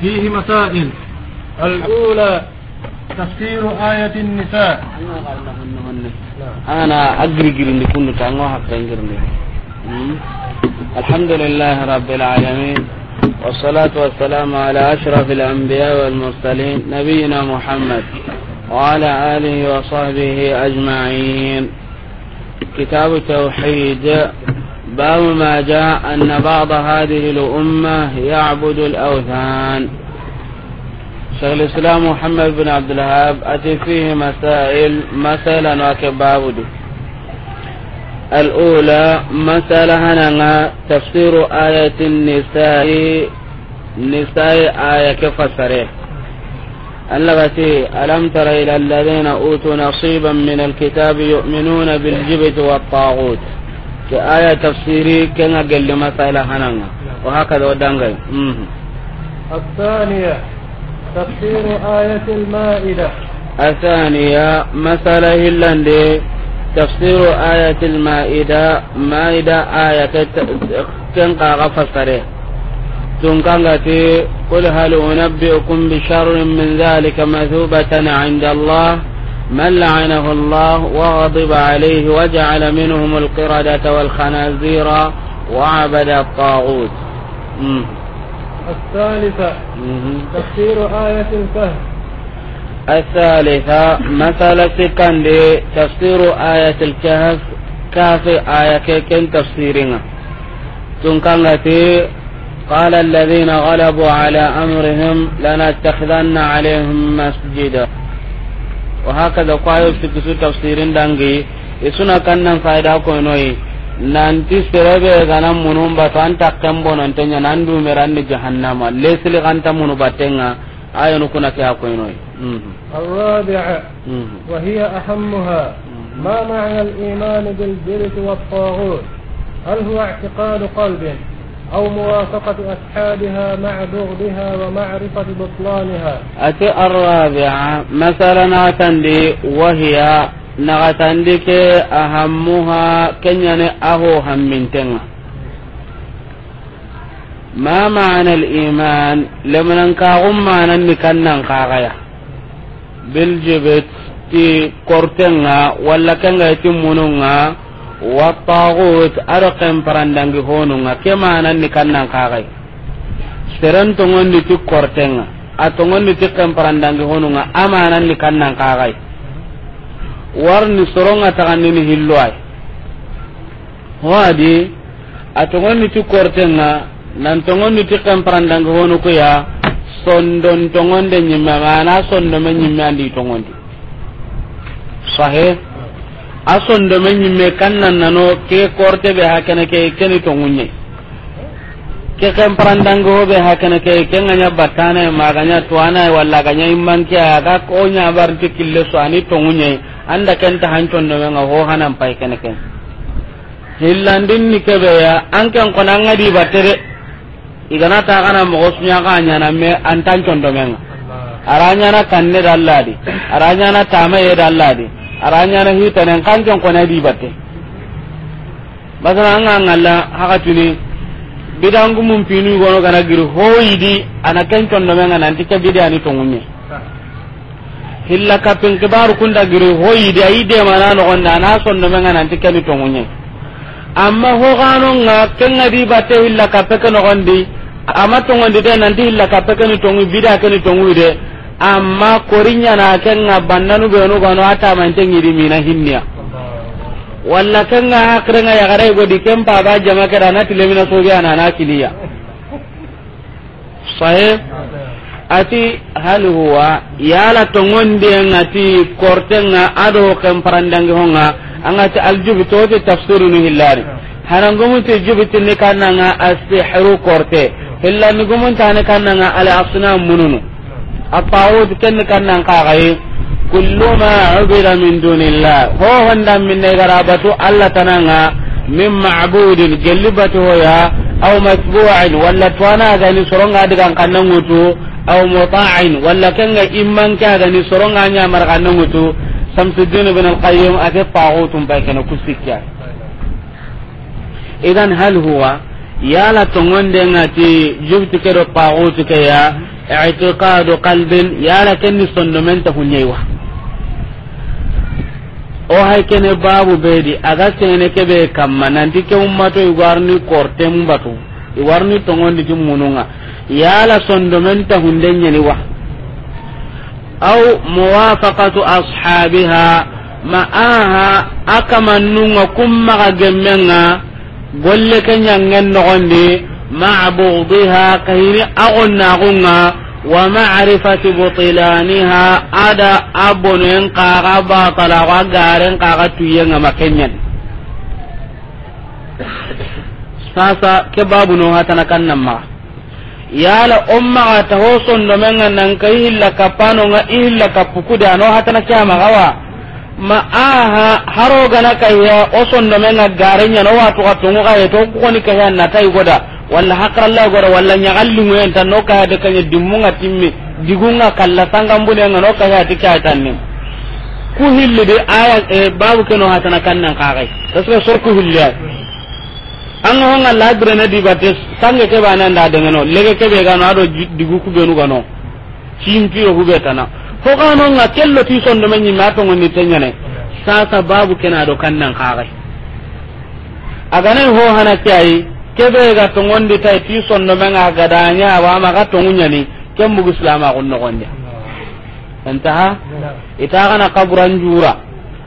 فيه مسائل الأولى تفسير آية النساء أنا أجري جرني كنت تانو حتى الحمد لله رب العالمين والصلاة والسلام على أشرف الأنبياء والمرسلين نبينا محمد وعلى آله وصحبه أجمعين كتاب التوحيد باب ما جاء أن بعض هذه الأمة يعبد الأوثان شيخ الإسلام محمد بن عبد الوهاب أتي فيه مسائل مثلا وكبابد الأولى مسألة هنا تفسير آية النساء نساء آية سريح التي ألم تر إلى الذين أوتوا نصيبا من الكتاب يؤمنون بالجبت والطاغوت آية تفسيري كنا قل لما masala hananga وهكذا hakada الثانية تفسير آية المائدة الثانية مسألة دي تفسير آية المائدة مائدة آية تنقى غفصره تنقى قل هل أنبئكم بشر من ذلك مثوبة عند الله من لعنه الله وغضب عليه وجعل منهم القردة والخنازير وعبد الطاغوت الثالثة آية تفسير آية الكهف الثالثة مثل كان تفسير آية الكهف كاف آية كن تفسيرنا تنقلتي قال الذين غلبوا على أمرهم لنتخذن عليهم مسجدا وهكذا قايو في كسو تفسيرين دانغي يسونا كان نان كونوي نان تي سيربي غانا مونوم با سان تاكمبو نان جهنم ليس لي غانتا مونو ايو نكونا كيا كونوي الرابعة وهي أهمها ما معنى الإيمان بالجلد والطاغوت هل هو اعتقاد قلب أو موافقة أصحابها مع بغضها ومعرفة بطلانها أتي الرابعة مثلا أتندي وهي نغتندك أهمها كنين أهو هم من تنغ ما معنى الإيمان لمن أنكاغم معنى نكنا أنكاغيا بالجبت تي كورتنغا ولا كنغا يتمونها wa tagut aro kem honu nga ke manan ni kannan kagai seren tongon ni ti kortenga atongon ni ti kem honu nga amanan ni kannan kagai warni soronga taganni ni hilloai wadi atongon ni ti kortenga nan tongon ni ti kem parandangi honu ko ya sondon tongon de nyimma mana sondo men nyimma andi tongondi sahih ason de men nyimme kannan nano ke korte be hakana ke keni to munye ke kan go be hakana ke ke nya batana ma ganya e walla ganya imman ke aga ko nya bar tikille so ani to munye anda kan ta hancon de men ho hanan pai kene ken hillandin ni ke be ya an kan kona ngadi batere igana ta kana mo osnya ka nya na me antan ton do men aranya na kanne dalladi aranya na tama ye dalladi hita aranyana hitane kanjon kona di batte masala anga ngalla hakatuni bidangu mum pinu gono kana giri hoyidi ana kenton no menga nanti ke bidani to ngumme hilla kapin kibaru kunda giri hoyidi ayide mana no onda na son no menga nanti ke ni to ngumme amma ho gano nga kenga di batte hilla kapeke no gondi amma to ngondi de nanti hilla kapeke ni to ngi bidake ni to ngi de amma korinya na kenga bannanu be no gano ata man tengi di mina hinniya walla na akrenga ya garai godi kempa ba jama kada na tilemina sobe ana na kiliya sahih ati hal huwa yala tongonde ngati na ado kemparandangi honga ta aljubi te tafsiru ni hillari hanangumuti jubiti ni kananga asihru korte hillani gumun ni kannanga ala asnam mununu الطاغوت كن كن قاغي كل ما عبد من دون الله هو هندا من غرابته الله تنانا من معبود قلبته يا أو مسبوع ولا توانا غني سرونغا دغان كنغوتو أو مطاع ولا كن إمان كاغني سرونغا نيامر كنغوتو شمس الدين بن القيم أتي الطاغوت باكنا كسكيا إذا هل هو يا لا تونغون دي جبت كيرو الطاغوت كيا اعتقاد قلب يا لكني صندمنت هنيوه o hay kene babu beedi aga seneke ɓe kamma nanti ke ummato i warni kortem batu i warni togonditi mununga yala sondomen ta hunde ñani wa aw mowafakatu ashabiha ma aha a kamannunga kummaga gemmenga golle ke ñangen nogondi ma'a bughdiha kahini agonna gunga wa ma'rifati butilaniha ada abonen qaga batala wa garen qaga tuyenga makenyan sasa ke babu no hatana kannan ma yala umma ta hoson do menga nan kapano ma aha haro gana kayya oson sondo menga garenya no watu katungu kayya to ko ni kayya na tay goda walla hakralla goda walla nyagalli nguen tan no kayya de kanya dimunga timmi digunga kalla sangambune ngano kayya tikaya tanni ku hilli de aya e, babu keno hatana kannan kagai tasra sor ku hilli an ho nga labre na di bates sange ke bana nda de ngano lege ke be gano ado digu ku benu gano cimpi ho na. ko nga kello ti sondo men nyima to ngoni tenyane sasa babu kena do kannan kare aga nan ho hana kai kebe ga to ngondi tai ti sondo men aga gadanya wa ma ga to ngunyani kem mugu islama gonno gonde anta ha ita kana kaburan jura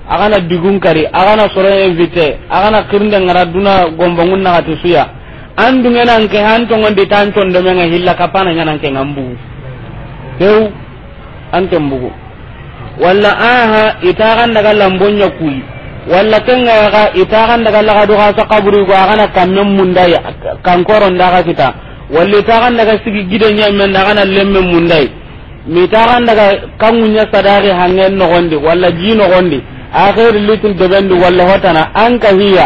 agana digun kari agana sore invite agana kirnde ngara duna gombangun na ati suya andu ngena nke han to ngondi tan condo men hilla kapana ngana nke ngambu tew anken bugu walla aha itaxan daga lambonya kuyi walla kengayaxa itaxan daga laxaduxa sa kaburigo mundai kan koron daga kita walla itaxan daga sigi daga na lemme mundai mi taxan daga kamunya sadari hangen gondi walla ji gondi akhir litin debendu walla hotana an kahiya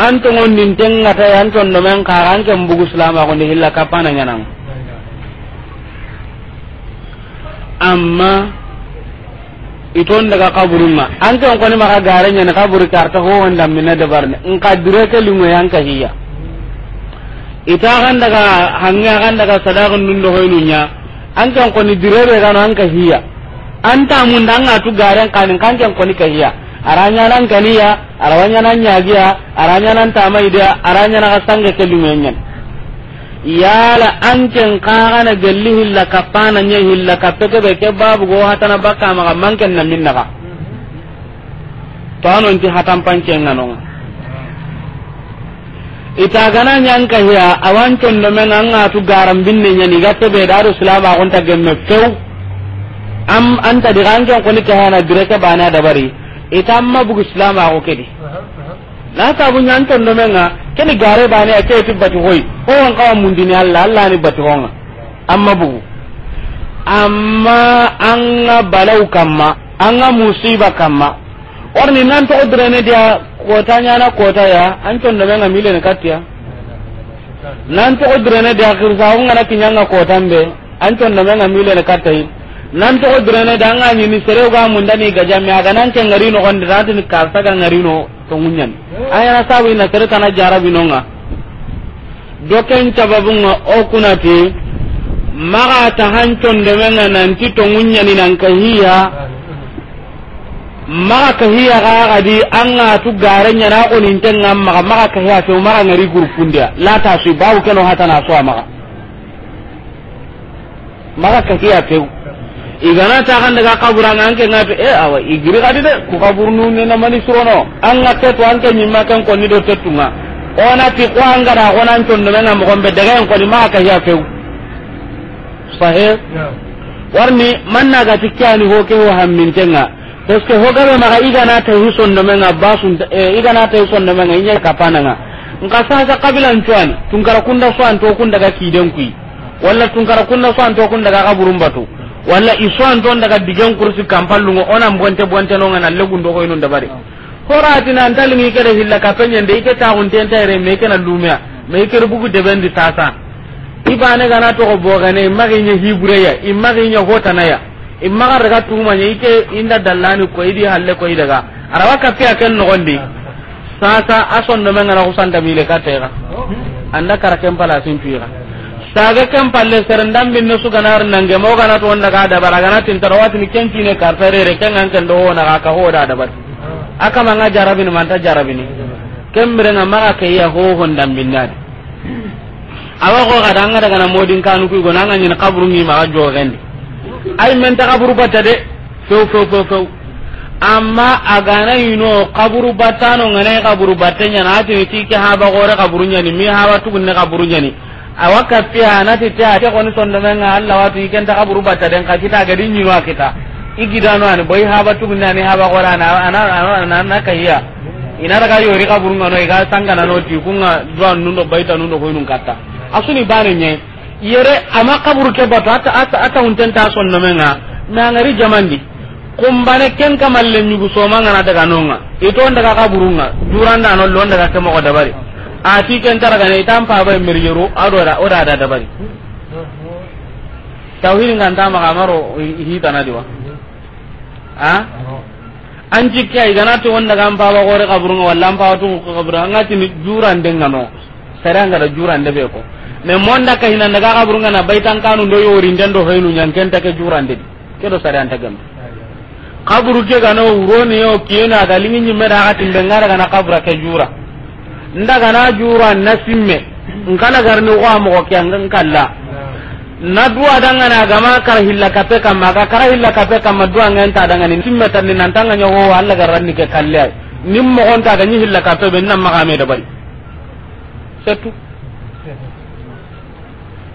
an tongondin ten gataya an condomen xaxa an mbugu bugu ni hilla kapana nyanang amma iton daga kaburin ma an kan kwani maka garen na kaburi karta ho wanda mina dabar ne in ka dure ke lingo yan ka hiya ita kan daga hanya kan daga nun da do ya an kan kwani dure be kan an ka hiya an ta mun an atu garen kanin kan kan kwani ka hiya aranya nan kaniya arawanya nan yagiya aranya nan tamai dia aranya nan sanga ke lingo yan yala anken kagana gelli hilla kappana nye hilla kappe be ke babu go na baka ma manken na minna ka to anon ti hatam panken nanon ita gana nyanka hiya awancon do men an tu garam binne nyani gatte be daru salama gon ta gemme few am anta di ranjon ko ni kahana direka bana dabari ita amma bugu salama ko kedi uh-huh, uh-huh. na ta bu ton do men ga keni gare bana tibba to hoyi ko on kawa mundini alla alla ni bati batikonga amma bugu amma an ga balau kamma an ga musiba kamma orni nan to drene dia kota nyana kota ya an ton da nga milene katia nan to drene dia kirsa on ngana kinyanga kota mbe an ton da nga milene katai nan to drene da nga ni sere ga mun dani ga jami'a ga nan ke ngari no da ratin karta ga ngari no to munyan ayana sabu ina sere kana jarabi no nga doken cababunga o kunati maga tahancondemenga nanti tongunyani nanka hiya maga kahiya an anga tu gare nyana onintenga maga maga kahiya feu maga ngari gurupundia latasui babu keno na soa maga maga kahiya feu igana kan daga kaburanga anke ngatu eh awa igiri gadi de ku kabur mani surono an keto anke ñimma ko ni do tettunga onati ko angara gonan condomenga en ko koni maa ya few sahe warni ga tikkani ho ke ho ta parce que hogaɓe maga igana tahi sondomenga nga eh, igana tahi sondomenga iña nga. nka sasa kabilancuani tunkara kunda so an to kun daga kiden kui walla tunkara kunda so an to kun daga kaburun batu walla so an ton daga digen kursi ona onan bonte bonte nonga nalle ko koynon dabari oh. horatina antalimi kere hilla kapeñende ike tayre me ikena lumia ma ikeri bugu bendi tata ibane gana togo bogene imaxiña hibureya imaxiña hotanaya imaxa rega tumaña ike inda dallani ko idi halle ko daga arawa kappe a ken gondi sasa a kusanda xusantamile ka texa anda kara ken palasin cuixa saga ken palle serendam binne suganar nange mo gana to onda ga baraga na tin tarawati ni ken kine karta rere ken an ken do wona ga ka hoda dabara akama nga jarabini manta jarabini kembere nga ke ya ho hondan minnadi awa ko kada anga daga na modin kanu ku gona nga nyina kaburu ma jo gende ay men ta kaburu bata de few few few few amma na yino kaburu no ngane kaburu nya na ati tike haba gore kaburu ni mi haba tugunne kaburu ni awa kafiya na ti ta ta ko ni sondo nga Allah watu ta kaburu bata den ka kita ga dinyi wa kita igidano ani boy haba tugunni ani haba gore ana ana na kayya ina daga yori ka burunga no iga tangana no ti kunga duan nundo baita nundo ko nun katta asuni bane nye yere ama kaburu ke bato ata ata ata unten ta son na menga na ngari jamandi kumbane ken kamalle nyugo so manga na daga nonga ito ndaga kaburunga duranda no londa ka kemo ko bari ati ken taraga ne tampa ba mirjero adora oda da dabari tauhid ngan tamaka maro hitana diwa a an jikki ay ganati wanda kan baba gore kaburu walla an baba tun kaburu an gati ni juran den gano sare an gada juran de be ko me monda ka hinan daga kaburu ngana baitan kanu do yori den do haynu nyan ken take juran de do sare an gam kaburu ke gano uroni yo kiyena ga linginyi mera hatin bengara gana kabura ke jura ndaga na jura nasimme simme garne garni wa mo ke an kalla na duwa dangana gama kara hilla kape kamma ga kara hilla kape kamma duwa ngan ta dangani timme tan ni nan tanga nyawo Allah garan ni ke kalle ay nim mo on ta ga ni hilla kape ben nan maga me da bari setu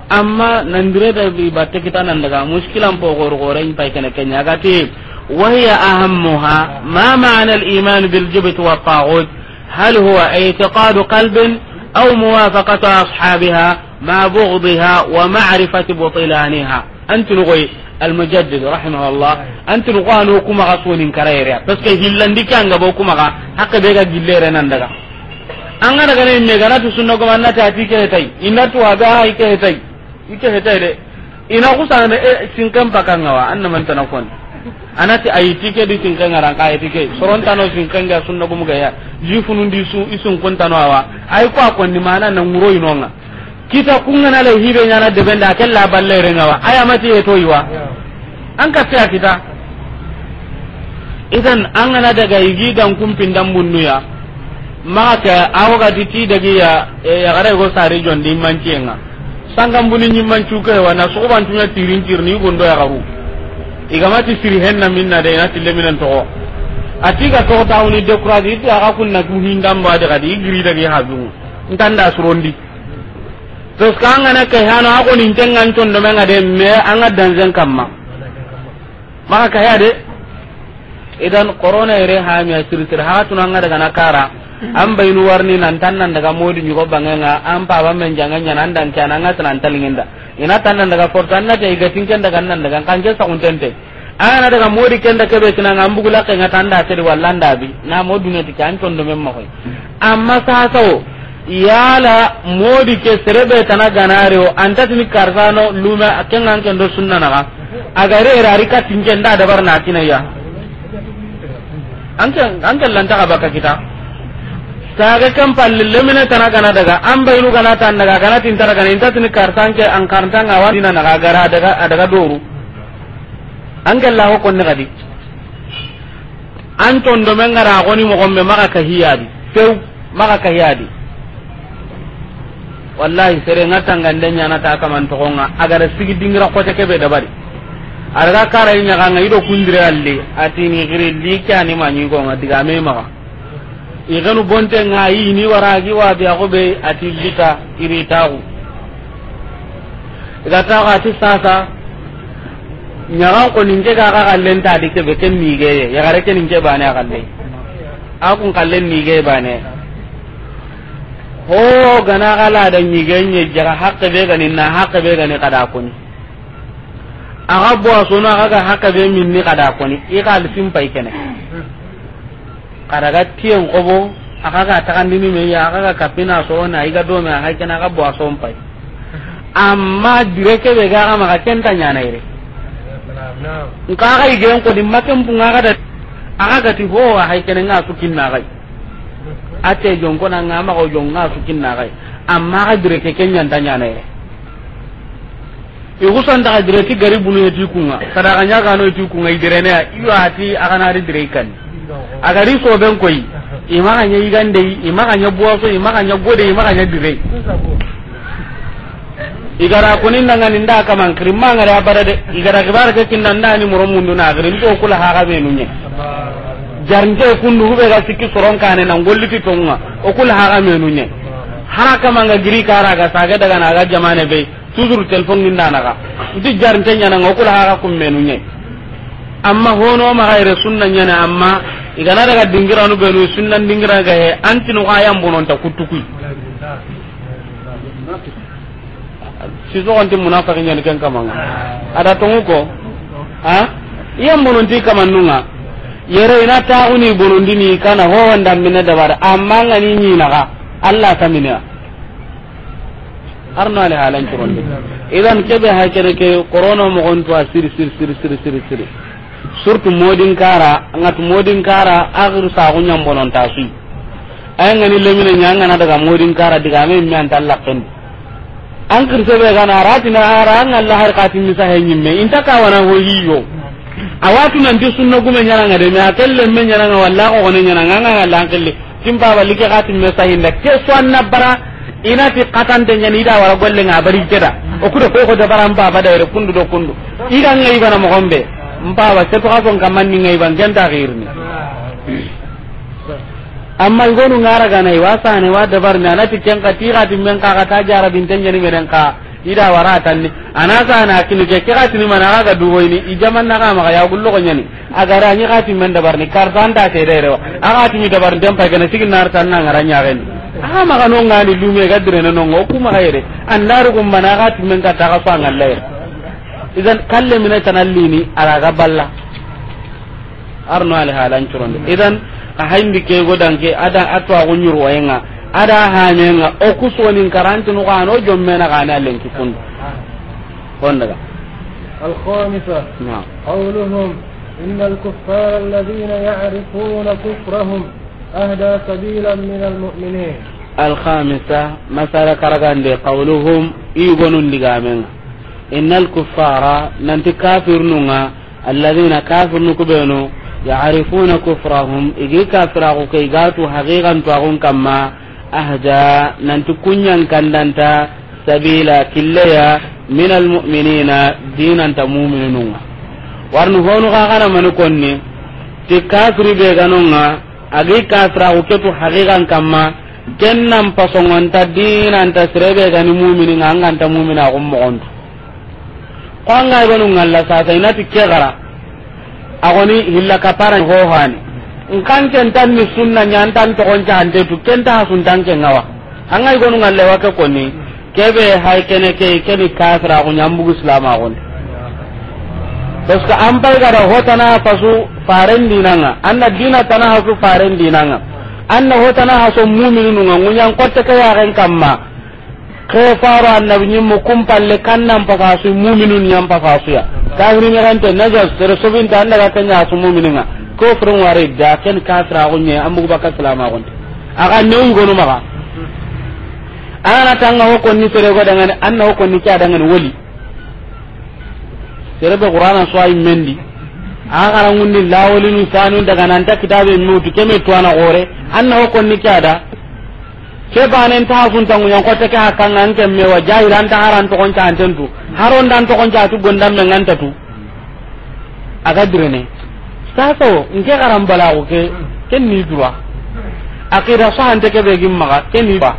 amma nan dire da bi batte kita nan daga muskilan po gor goren pai kana kenya ga ti wa hiya ahammuha ma ma'ana al-iman bil jibt wa taghut hal huwa i'tiqad qalbin aw muwafaqatu ashabiha ما بغضها ومعرفة بطلانها أنت نقول المجدد رحمه الله أنت نقول أنه كما غصون كريريا بس كي هلان دي كان غبو كما غا حق بيغا جليرا نندغا أنا نغني ميغانا تسنو كما نتا تي كهتاي إنا توابا كهتاي كهتاي دي إنا غصانا سنكم بكان غوا أنا من تنقون أنا تأي تيكي دي سنكم ngaran ka ayi tike soron tano tinke nga sunna gumu ga ya jifunu ndi su isun kun tano awa ayi ko kita na la hibe nyana de benda la balle wa aya mati eto iwa an ka fiya kita idan an gana daga yigi gan kumpin dan bunnuya maka awoga titi daga ya ya gara go sare jondi nga sangam bunin nyimman cuka wa na so ban tunya tirin tirni gondo ya garu mati siri henna minna de na tille minan to atiga to tawni de kuradi ti aga kunna guhin dan ba de gadi igiri daga ya hazu ntanda surondi to ska ngana kai hano ako ni tengan ton do menga de me anga danzen kamma maka kaya de idan corona ire ha mi asir sir ha tun anga daga nakara an bayinu warni nan tan nan daga modi nyugo bangenga an pa ba men jangan nyana nan dan kana anga tan talinginda ina tan nan daga portan na te igatin ken daga nan daga kanje sa untente ana daga modi kenda kebe kina ngambugula kenga tanda sir wallanda bi na modu ne tikan ton do memma koy amma sa sawo yala modi ke serebe tana ganareo antatini karsano lume kengan kendo sunna ga agare rari ka tinke nda dabar na ya anta anta lanta ga baka kita saga kan palle lemine tana gana daga an bayinu gana tan daga gana tin tara gana karzan ke an kartanga na naga gara daga daga doru galla ho konne gadi an do men gara goni mo gombe maka kahiyadi few maka kahiyadi wallahi sere nga tangande nyana ta kaman tokonga agar sigi dingira ko kebe dabari araga kara nya kanga ido kundire alli atini giri lika ni manyi ko ma diga me ma iganu bonte nga yi ni waragi wa biya ko be ati lika iri tawu ida tawu ati sasa nyaga ko ninje ga ga kallen ta dikebe ken mige ya gare ken ninje bane akalle akun kallen mige bane ho gana gala da nyigenye jira hakke be gani na hakke be gani kada kuni aga bo asuna aga hakke be ni kada kuni sim pai kene karaga tiyen qobo aga ga takandini me ya aga ga kapina so na iga do me aga kana bua bo pai amma direke be ga ma ga kenta nyana ire nka ga gen ko dimma kan bunga ga da aga ga ti ho ha kene nga sukinna ga ate jonko na nga ma ko jonga sukin na kai amma ka dire ke kenyan tanya ne i husan da dire ti gari bunu ya tikunga kada kanya ka no tikunga i dire ne iyo ati aka na ri dire kan aga ri so ben koi i ma ka kanya i gande i ma kanya buwa so i ma ka kanya gode i ma ka kanya dire igara kunin na ngani nda ka man krimma ngara barade igara gibara ke kinna nda ni moromundu na gari ko kula ha ga nunye. jarnte kundu hube ga sikki soron kane nan golliti tonga o kul haga menu nye hara ka nga giri kara ga saga daga na ga jamane be toujours telefon ni ndana ga ndi jarnte nya nan o kul haga kum menu nye amma hono ma gaire sunna nya na amma na daga dingira no be no sunna dingira ga he antinu ayam bonon ta kutukui si siso konti munafiki nya ni kan kamanga ada tongu ko ha iya mononti kamannunga yere ina taxuni bonondini kana howandambine dabara amma ngani ñinaxa allah taminea arno ale halancurondi idan keɓe ha kene ke corona mogontuwa siri siri siri siri siri siri surtout modin kara ngat modin kara axiru saxu ñambononta suy aya ngani lemine ñangana daga modin kara diga me mi anta lakkendi an kirseɓe gana ratina ara an allah har qatin misa he ñimme inta wana ho yiyo awatu nan di sunna gume nyaranga de me men nyara nyaranga walla ko ne nyara nga la ngelle timba balli ke khatim me sahinda ke na bara ina fi qatan de nyani da wara golle nga bari jeda o kudo ko ko da baram ba ba da re kundu do kundu ida nga ibana mo gombe mpa wa se to ka man ni nga ban genta girni amma ngonu ngara ga nai wasa ne wa dabar ne anati kenka ti ga men ka ka ta jara bin tan nyani me ka ida wara tanni anasa na kinu je kira tini mana aga duwo ni ijaman na ga maka ya gullo ko nyani agara nya ga timen da barni kartan da te dere wa aga timi da barni dempa ga sigin nar tan na ngara nya aga maga no ngani lume ga dire no ngo ku maka an andaru gum mana ga timen ka ta ga fa ngalle idan kalle mina tanallini ala ga balla arno ala halan curon idan a haindi ke godan ke ada atwa gunyur wayenga ada hamenga o kusonin karanti no gano jommena gana lenki kun on daga الخامسة نعم قولهم إن الكفار الذين يعرفون كفرهم أهدى سبيلا من المؤمنين الخامسة مثلا كرغان قولهم إيغون لغامين إن الكفار ننت كافر نونا الذين كافر نكبينو يعرفون كفرهم إيجي كافر أغوكي غاتو حقيقا تواغون كما ahda nanti kunyan kandanta sabila killeya min almu'minina dinanta mu'minununga warni honu ka kana mani konni ti kafiri be ganonga agi kafira ko ketu haqiqan kamma kennan pasongonta dinanta sirebe gani mu'mininga anganta mu'mina ko mogontu ko anga ibanu ngalla sasa inati kegara agoni hilla kapara ho hani nkan ken tan ni sunna nyan tan to on jahan de tu ken ta sun tan ken ngawa angai gonu ngalle wa ke koni kebe hay kene ke keni kafira ko nyambu islama ko parce que an bai gara hotana fasu faren dinanga anna dina tana hasu faren dinanga anna hotana haso mu'minu nga ngunyan kotta ka ya ren kamma ke faro anna nyim mu kumpalle kannam pakasu mu'minun nyam su ya kafiri ne kan te najas so sobin ta anna ka tanya hasu nga kofrin ware da ken gunye an buga baka salama gonte ne un gono maka ana tanga ho ni sere go dangane anna ho ni kya dangane woli sere be qur'ana so ay mendi aga ran ngundi lawoli ni sanu daga nan ta kitabe mutu keme to ana gore anna ho ni kya da ke banen ta sun tangu ko ta ka kan an ke me wa jahiran ta haran to kon ta antu haron dan to kon ta tu gondam nan ta tu aga direne saso nke garan balago ke ken ni dura aqida so hante ke begim maga ken ni ba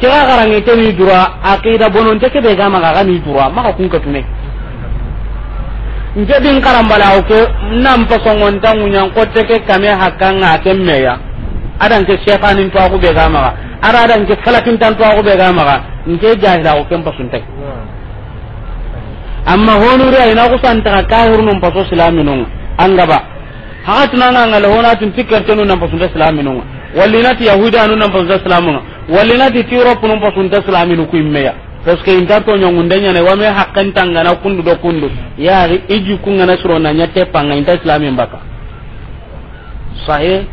ke ga garan ke ni dura aqida bonon nte ke be ga maga ga ni dura maka kun ka tume nke din karan balago ke nan pa ta tangu ko kotte ke kame a kemme ya adan ke shefanin to aku be ga maga ara adan ke falakin tan to aku be ga maga nke jahila ko kem pasuntai amma honuri ina ku santaka kahirnum paso silaminun angaba hakatunanga ngala honatin tikkartenu nampasunta silaminunga wallinati yahudanu nan silamunga wallinati tirope numpasunta silaminu kuimmeya parce que wa me hakkan tangana kundu do kundu ngana suro kungana nyate ñattepanga inta silamin baka sahe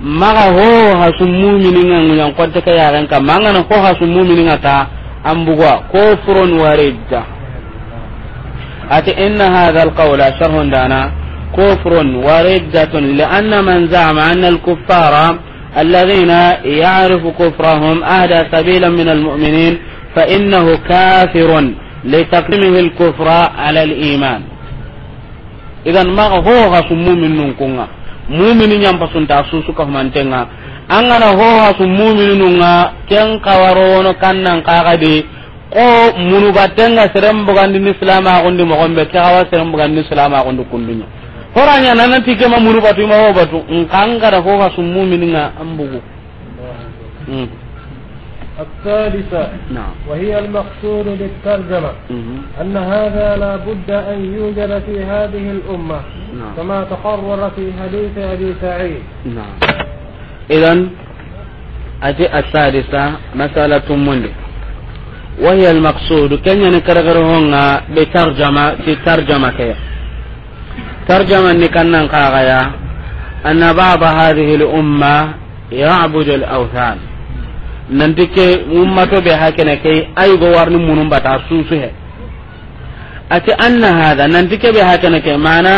maga ho hasum mumininga nguñankonte ka yaren ka mangana ho hasum mumininga ta ambugwa ko furon waredda ati inna hadha alqawla sharhun dana كفر وردة لأن من زعم أن الكفار الذين يعرف كفرهم أهدى سبيلا من المؤمنين فإنه كافر لتقديمه الكفر على الإيمان إذا ما هو هكو مؤمن نكونا مؤمن ينبسون تأسوسك همانتنا أننا هو هكو مؤمن نكونا كن قوارون كنن قاقدي ko munu batenga serembo gandi ni salama gondi mo gombe kawa serembo gandi salama horanya nananti kema munu batu ima ho batu nkangara ho ga summu mininga ambugu mm. الثالثة نعم وهي المقصود بالترجمة أن هذا لا بد أن يوجد في هذه الأمة نعم. كما تقرر في حديث أبي سعيد نعم إذا أتي الثالثة مسألة مني وهي المقصود كن ينكرر هنا بترجمة في ترجمة كيف ترجمة نكنا قاغيا أن بعض هذه الأمة يعبد الأوثان nanti ke ummato be hakene ke ay go warni munum bata susu he ati anna hada nanti ke be hakene ke mana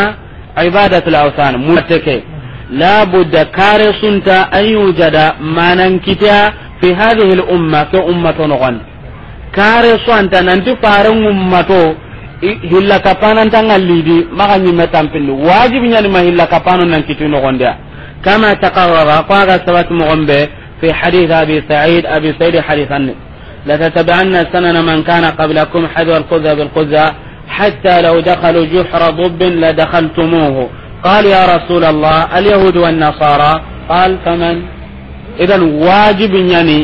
ibadatul awthan mutake la budda kare sunta ayi yujada manan kita fi hadhihi al umma ke ummato nogon kare sunta nanti faran ummato hilla kapanan tanga lidi maka nyime tampindi wajib nyani ma hilla kapano nan kitu no gondia kama taqarrara qaga sabat mu'ombe fi hadith abi sa'id abi sa'id hadithan la tatabanna sanana man kana qablakum hadwa al-qudza bil qudza hatta law dakhalu juhra dubbin la dakhaltumuhu قال يا رسول الله اليهود والنصارى قال فمن اذا واجب يعني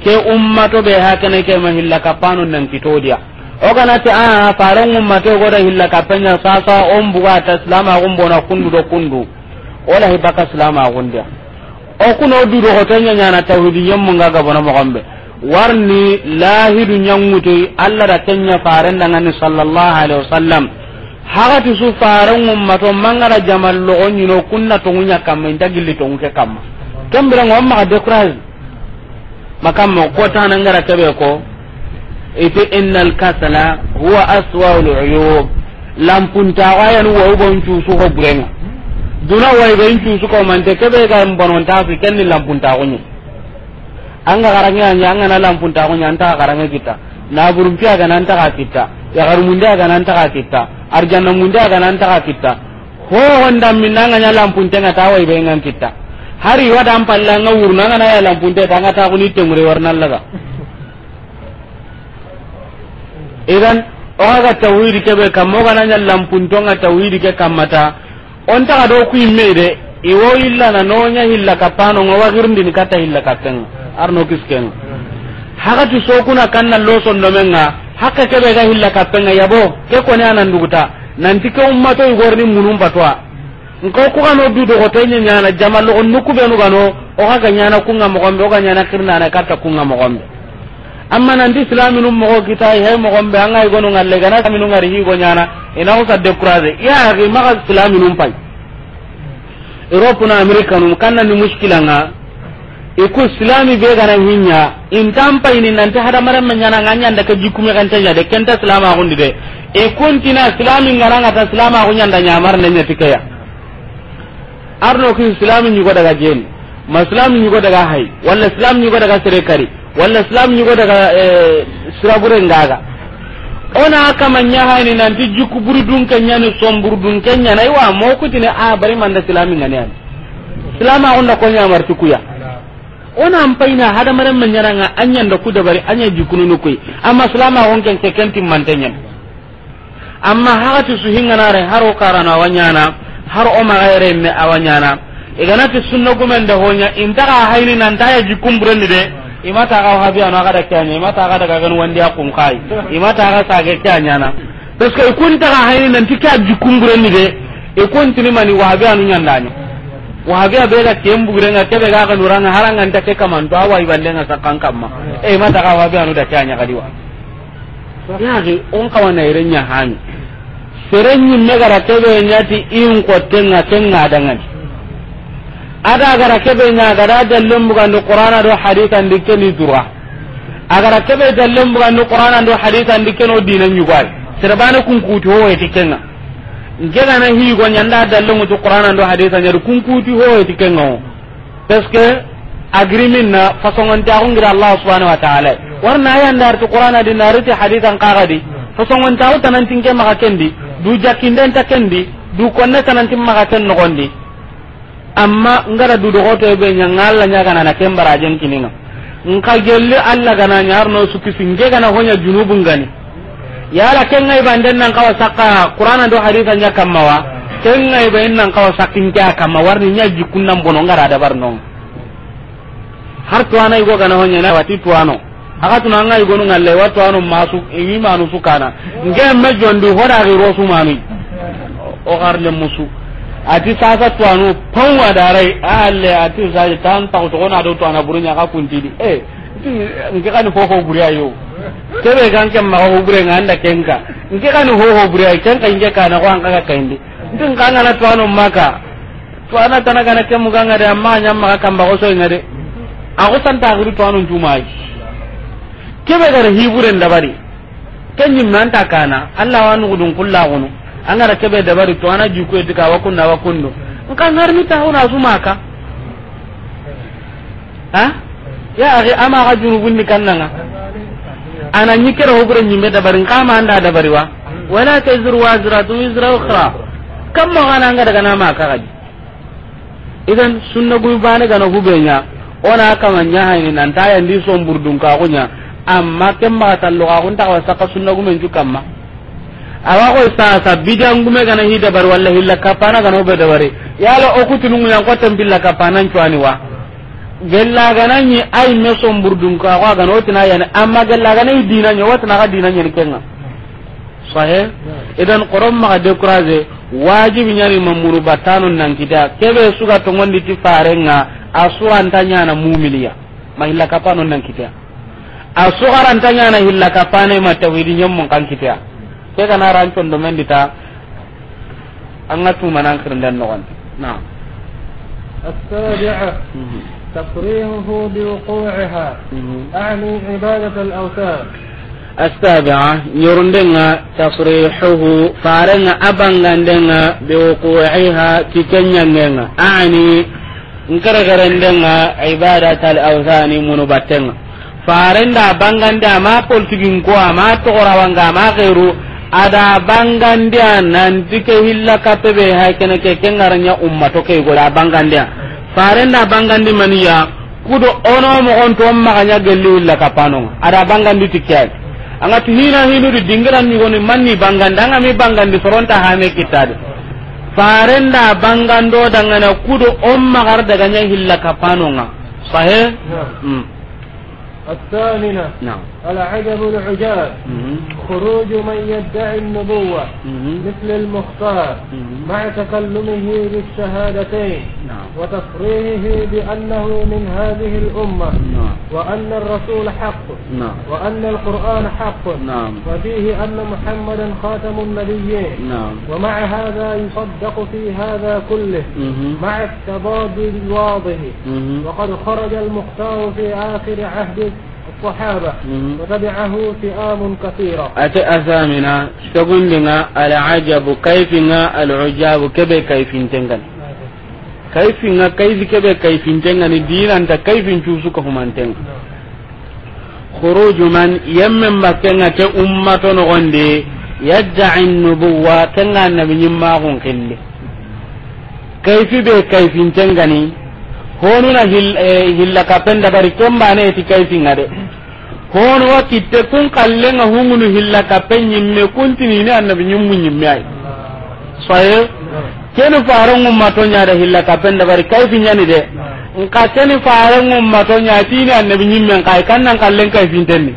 ke ummato be hakene ke mahilla kapano nan kitodia oganati a ah, farengummato goda hilla kappenya sasa on bugata silamagumbona kundu do kundu olahi baka silamagundia okuno dudogotonya ñana tawhidi yemmunga gabona mogonɓe warni lahidu ñangutoy allah da kenya farendangani sallallahu alaihi wasallam hagati su farengummato mangara jamal logo ñino kunna tonguña kamma inta gilli tongu ke kamma kembirengo on maga décourage makamma ko tanangara keɓe ko ite innal kasala huwa aswaul uyub lampun wayan wo wa cu su ko burenga duna wa ben cu suko ko man te kebe ga bonon ta fi kenni lampunta ko ni anga garanga nya anga na lampunta ko anta garanga kita na burum pi ga nanta ta kita ya garu munde ga nanta ta kita arjanna munde ga nanta ta kita ho wanda minanga nya lampun nga ta way ben kita hari wa pallanga wurna nga na lampunta ta nga ta ko ni temure warna laga idan oga tawhid ke be kam moga nanya lampun tonga tawhid ke kamata on ta do ku imme de iwo illa na nonya illa kapano ngowa illa arno kisken haga tu menga ke be ga illa yabo ke ko ne anan duguta munum batwa ku du do jamal on nuku be no o ga mo ga kirna na mo amma nan di islamin islaminu mo kita he mo gombe anga igonu ngalle gana minu ngari hi go nyana ina ko sadde kuraze ya ri ma islamin islaminu pai europe na america num kanna ni mushkila nga e ko islami be gana hinya in pai ni nan ta hada maran manyana nganya nda ka jikku me kan tanya de ta islama gundi de e kuntina islami nga ta islama nya nda nyamar nenya tikaya arno ki islami go daga jeni ma ni go daga hay wala walla ni go daga sere kari wala islam ñugo daga e, bure ngaga ona kamanya hani nanti jukku buri dun kenyani som buri dun kenyana iwa mokutine a bari manda silami ngani islam on onda ko marti kuya ona ampaina hada maran man nyara nga anyan da ku da bari anya nunu nukui amma islam silama onken kekenti mantenyen amma hagati su hinga hinganare haro karana wanyana haro o magaire me awanyana e ganati sunna gumen da honya intaga haini nan taya ni de imata ga habi ana ga da kyanya imata ga daga gan wanda ya kun kai imata ga sage kyanya na daska ikun ta ga hayi nan tika jikun gure ni de ikun tini mani wa habi anu nyanda ni wa habi be da kem buguren ke kebe ga ga nuran an ta ke kaman to awai balle na sakan kamma e eh, imata ga habi anu da kyanya ga diwa ya ga on ka wana ya hani serenyi megara kebe nyati in ko tenga tenga dangani ada gara kebe nya gara dallon qur'an do qur'ana do hadithan ni dura agara kebe dallon bugan do qur'ana do no dina nyu yugal sirbana kun kuti ho e tikenga ngena na hi go nyanda dallon do qur'ana do hadithan yar kun kuti ho e tikenga parce que agreement na fasongon ta ngira allah subhanahu wa ta'ala warna ya ndar to qur'ana di narati hadithan di fasongon ta tanan tingke maka kendi du jakinden ta kendi du konne tim maka no kondi amma ngara du do goto be nya ngalla nya kana na kembara jen kinino nka gelle alla gana nya arno suki singe gana honya junubun gani yala ngai banden nan kawa saka qur'ana do haditha nya kamawa ngai ibanden nan kawa sakin kya kama warni nya jikunnan bono ngara da barno har to anai go gana honya na wati to ano aga tuna anga igonu ngalle watu anu masu imi manu sukana ngem majondu jondi ri rosu mami o garle musu ati sasa tuanu pawa darai ah, alle ati sa tan ta to na do tuana burunya ka kunti di eh itu nke kan ho ho buri ayo tebe kan ke ma ho buri nganda kenka nke kan ho ho buria ayo kenka inge kana ko an ka ka itu ndin kan na tuanu maka tuana tana kana ke muganga de amma nya maka kan ba ko so ngade ako santa guru tuanu tumai kebe gar hiburen da dabari kenyi manta kana allah wa nu nugudun kullahu angara kebe dabari to ana juku eti ka wakunna wakunno nka ngarni ta na suma ka ha ya ari ama ga juru bunni kannanga ana nyikira hobure nyimbe dabari nka ma anda dabari wa wala tazru tu wizra ukhra kam ma gana ngada kana ma ka gaji idan sunna guy bane gana hubenya ona kama nyahaini nan taya ndi somburdun ka kunya amma kemma tallo ka kun ta wasa ka sunna gumen ju kamma awa koy sasa gume gana hida dabari wallahi la kapana gana obe dabari yala okutununguyan koten billa kapana cuani wa ni ay me ka wa agana wotina yana amma gellaganayi dinanyo wotina ka dinanyeni kenga sahe idan ma de découragé wajibi nyari mamuru nan nankita kebe suga togondi ti farenga a suranta na mumiliya ma kapana nan nankitea a sugaranta na hilla kapane ma tawhidi kan kankitea ke kana ran condo mendi ta an ga tuma nan kirin dan nogon na'am as mhm. tafrihuhu bi wuqu'iha mhm. a'ni ibadat al-awthan ibadat al ma politiki nko ama togorawanga ada bangandia nanti ke hilla kapebe ha kene ke kengaranya umma to ke gola bangandia farenda bangandi maniya kudo ono mo on to amma kanya gelli hilla kapano ada bangandi tikyat anga hina hinu di dingiran mi woni manni banganda anga mi bangandi soronta hame me kitade farenda bangando dangana kudo umma gar daga nya hilla kapano nga sahe yeah. mm. العجب العجاب خروج من يدعي النبوة مثل المختار مع تكلمه بالشهادتين نعم. وتصريحه بأنه من هذه الأمة نعم. وأن الرسول حق نعم. وأن القرآن حق وفيه أن محمدا خاتم النبيين ومع هذا يصدق في هذا كله مع التضاد الواضح وقد خرج المختار في آخر عهده الصحابة وتبعه فئام كثيرة أتى أثامنا شغلنا العجب كيفنا العجاب كبه كيف تنغن كيفنا كيف كبه كيف تنغن الدين أنت كيف نشوفك هم أنتنغ خروج من يمن بكنا كأمة غندي يدعي النبوة كنا نبي ما غنقل كيف به كيف تنغني هل hillaka pen دبر كم بانه تكيفين عليه hono wa kitte kun nga hungunu hilla kappe nyimme kunti ni annabi nyimmu nyimme ay saye keni farangu mato nyaada hilla bari ndabari fi nyani de nka keni farangu mato ni annabi nyimme nkay kannan kallen kayfi ntenni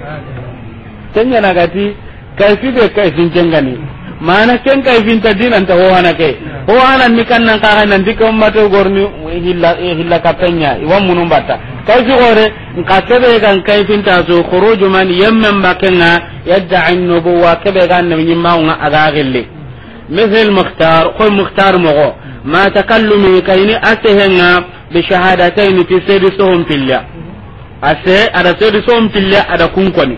kenya nagati kayfi be fi jengani mana ken kayfi nta dinan ta hohana ke hohana ni kannan kaga nan dikko mato gorni hilla e hilla kappe iwa munum bata. kaji gore nka kebe gan kaifin ta so khuruju man yamman bakenga yadda'i nubuwa kebe gan nabi nyimma nga aga gille مثل مختار قل مختار مغو ما تكلمي كين أسهنا بشهادتين في سير سهم في الله أسه أدا سير سهم في الله أدا كونكوني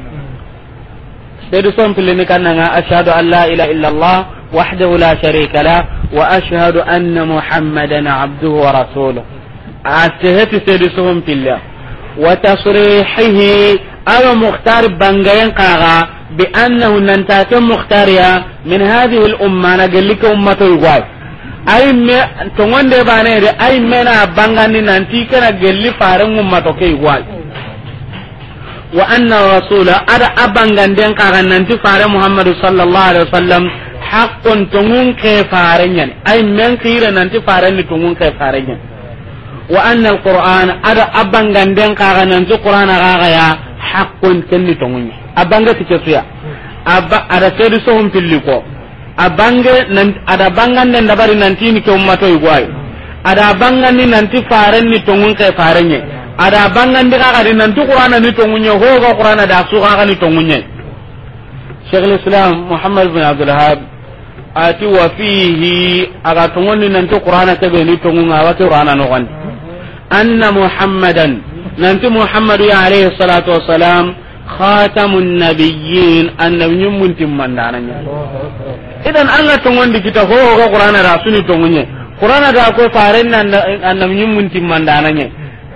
سير سهم في الله كان أشهد أن لا إله إلا الله وحده لا شريك له وأشهد أن محمدا عبده ورسوله ateheti sedi sohon pilla wa tasrihihi aga mukhtar bangayen kaga bi annahu nanta ke mukhtariya min hadhihi al umma na gelike ummato igwai ay me to ngonde bane de ay me na bangani nanti kana gelli fare ummato ke igwai wa anna rasula ada abanganden kaga nanti fare muhammadu sallallahu alaihi wasallam haqqun tungun ke fare nyen ay men kire nanti fare ni tungun ke fare nyen wa anna alquran ada abanganden kaga nan to qur'ana kaga ya haqqun kelli tongunya abange suya abba ada sedu sohum pilliko abange nan ada banganden dabari nanti ni ke ummato igwai ada bangandi nanti faren ni tongun kai farenye ada bangandi kaga di nanti qur'ana ni tongunye ho ga qur'ana da su kaga ni tongunye Syekhul Islam Muhammad bin Abdul Wahhab ati wa fihi aga tongoni nanti qur'ana kebe ni tongunga wa qur'ana no gondi anna muhammadan nanti muhammadu ya alayhi salatu wassalam khatamun nabiyyin annabiyyin muntin mandananya idan allah tongondi kita ho ho ga qur'ana da suni tongonye qur'ana da ko faren nan annabiyyin muntin mandananya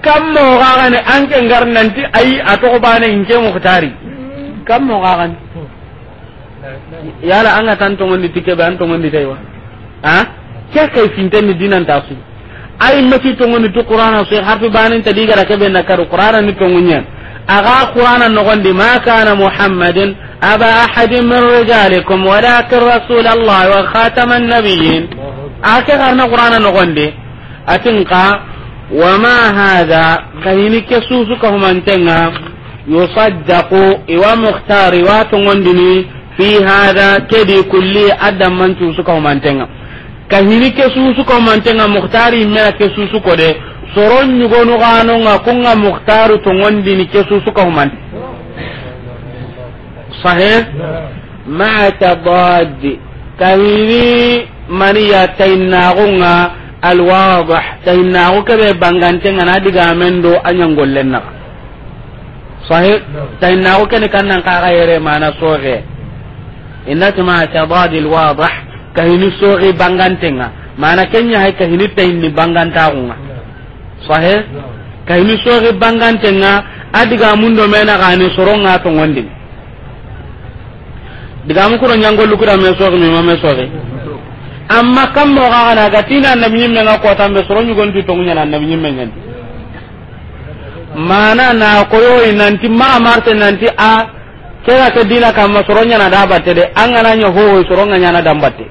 kammo ga gane an kan gar nanti ayi ato bana inke muhtari kammo ga gane yala an ga tan tongondi tike ban ay loti tongo ni tu qur'ana so harfi banin ta diga rakabe na kar qur'ana ni tongo nyen aga qur'ana no gondi ma kana muhammadin aba ahad min rijalikum walakin rasul allah wa khataman nabiyyin ake garna qur'ana no gondi atinka wama hada kayini kesusu ka humantenga yusaddaqu iwa mukhtar iwa tongondini fi hada kedi kulli adam man tusu ka humantenga kahini ke susu ko nga muhtari me ke susu ko de soron gonu gano nga nga muhtaru to ngondi ni ke susu ko man sahih ma tabad kahini mani ya tainna al alwadah tainna ko be bangante na diga mendo anyangollen na sahih tainna ko ke kan nan ka ga yere mana soge inna ma al alwadah kahini soxi bangantenga mana kenya hay kahini tayinni bangantaxunga sahe kahini soxi bangantenga a digamundo mena xani soronga tongondin digamu kuro ñangollukuda me soxi mima me soxi amma kam mo ga na ga tina annabi nyimme ga ko tambe soro nyugo ndu to nyana annabi nyimme nyen mana na ko yo nanti ma marte nanti a kera ke dina kam soro nyana da batte de angana nyo ho soro nyana da batte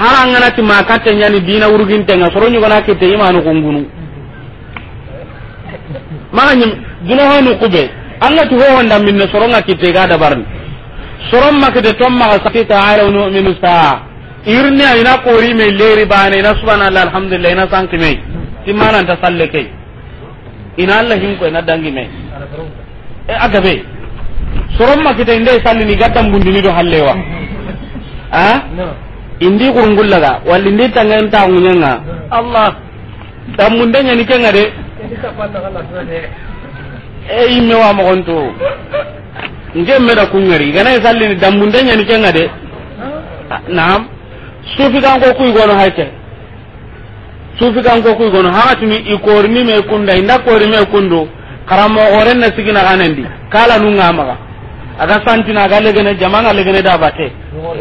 harangana ti ma katta nyani dina urugin tenga soro nyugo na kete imanu kungunu maka nyim duna honu kube anga ti ho wanda minne soro nga kite ga da barni soro ma kete tom ma sakti ta'ala nu minu sa irni ina kori me leri bane ina subhanallah alhamdulillah ina sanki me timana ta salle kai ina allah him ko ina dangi me e agabe soro ma inde salli ni gaddam bundini do hallewa ha ah? indi kurungullaga walli ndi tangen taŋuñanga allah tammunde ñani kenga de e imme wa mogonto nke meda kuŋeri ganayi sallini dammunde ñani kenga de naam sufi kan ko kuy gono hayke sufi kan ko kuy gono hakatini i korini me kunda inda korini me kundu karamogoren na sigina kanendi kala nu ngamaga aga santina aga legene jamanga legene da bate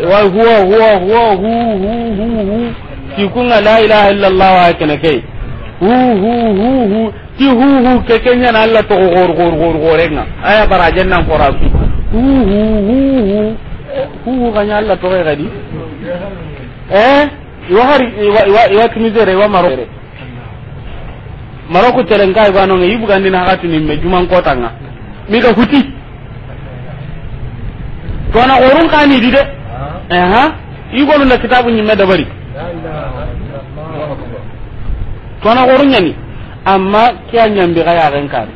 wa huwa huwa huwa hu hu hu hu ti kunga la ilaha illallah wa kana kai hu hu hu hu ti hu hu ke kenya na allah to gor gor gor gor gorenga aya bara janna qora su hu hu hu hu hu ganya allah to e ga di eh yo hari wa wa wa timizere wa maro maro ko telenga ibano ngi bugandi na hatini me juman kotanga mi ka huti to na gorun kani di de eh ah. i gonu na kitabu nyimme da bari to na gorun yani amma kiya nyambi ga yaren kare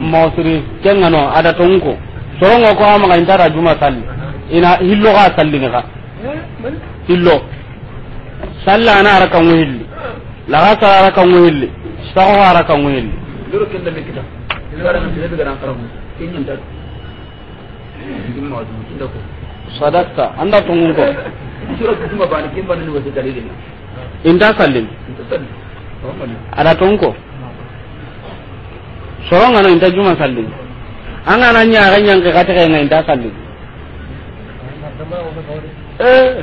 mawsiri kengano ada tonko sorongo ko amaga intara juma salli ina hillo ga salli ni ga eh, hillo salla ana araka mu laga sarara kan willi stago hara kan karamu sadaqta anda ko sura bani kin bani ni wasi dalilin inda ada inda juma anga na nya ga nyang inda eh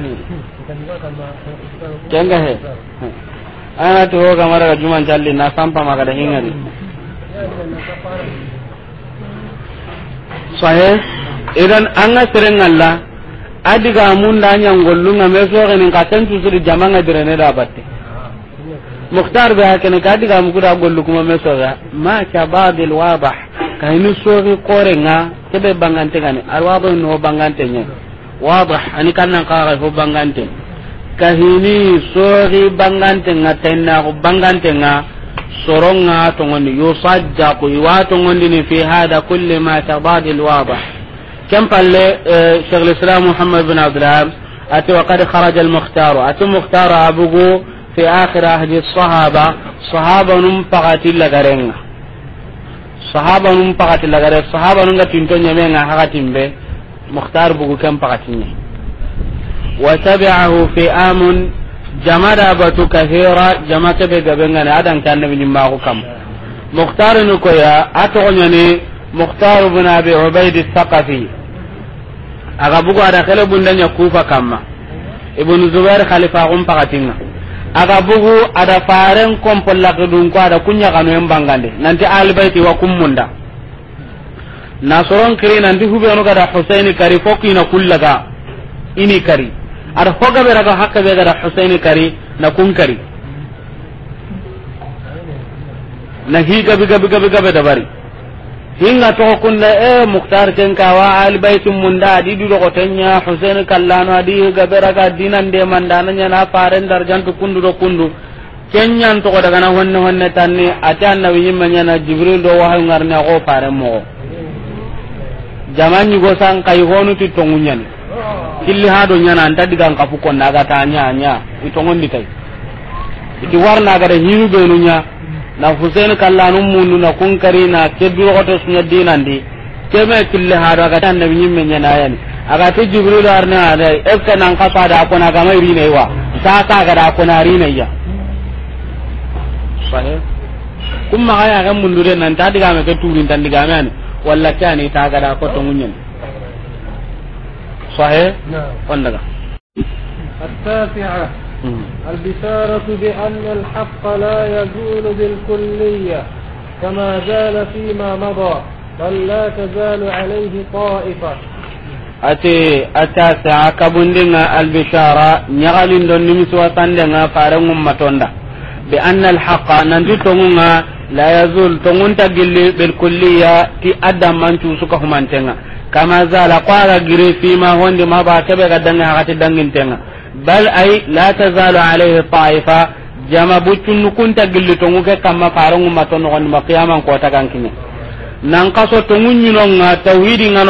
he ana to ga mara juman jalli na sampa maka da hingani sahe idan an ga sirin Allah adiga mun da nyan gollunga me so ganin ka tan tusuri jamanga direne da batte mukhtar be hakene ka adiga mu kuda gollu kuma me so ga ma ka badil wabah ka ni so ri korenga kebe bangante gani arwabo no bangante nye wabah ani kan kannan ka ga ho bangante kahini sohi bangantenga tennaku bangantenga soronga yusajja ko iwa ni fi hada kulli ma tabadi lwadah kem palle cheikh lislam muhammad bin abdulhab ati wa waqad kharaja almukhtaru ati mukhtaru abugu fi akhir ahdi sahaba sahaba num pagati lagarenga sahaba num pagati lagare sahaba num ga tinto nyame nga hakatimbe mukhtar bugu kem pagatinya وتبعه فئام جمع دابة كثيرة جمع كبه قبنغاني هذا كان نبي نماه كم مختار نكويا أتغنيني مختار بن أبي عبيد الثقفي أغبوك على خلب لن يكوف كما ابن زبير خليفة غم فغتنا أغبوك على فارن كم فلقدون كوادا كنيا غنوين بانغاندي نانتي آل بيتي وكم مندا nasoron kiri nanti hubenu gada husaini kari fo kina kullaga ini kari ada hoga be raga hakka be dara husaini kari na kun kari na hi gabi gabi gabi gabi da bari hinga to kunna e eh, muktar ken ka wa al baitum munda di du do tanya husaini kallano adi gabe raga dinan de mandana nya na faren darjan to kundu do kundu kenyan to daga na honne honne tanni ati na yimma nya na jibril do wahayu ngarne ko faren mo jamani go sang kai honu ti ni hilli ha do nyana diga digan kafu kon naga ta nya nya itongon ditai iti na ga da hiru be nunya na husain kallanu mun na kunkari na keddu goto sunya dinandi keme kili ha do ga tan nabi nyimme nyana yan aga te jibril arna ada eska nan kasa da ko na ga mai rine wa sa sa ga da ko na rine ya sahe kuma aya ga mundure nan ta diga me ke turin tan diga me walla kani ta ga da ko to munyen صحيح نعم ولا التاسعة البشارة بأن الحق لا يزول بالكلية كما زال فيما مضى بل لا تزال عليه طائفة ati atasa kabundinga albishara nyagalin don nimiswa tandenga farangum matonda bi anna alhaqa nanti tongunga la yazul tongunta kama zala qara gire ma wonde ma ba kebe ga danga hakati dangin tenga bal ai la tazalu alayhi ta'ifa jama buccun kunta gilli to nguke kamma farangu maton ngon ma qiyamang ko ta kankini nan kaso to tawidi tauhidi nga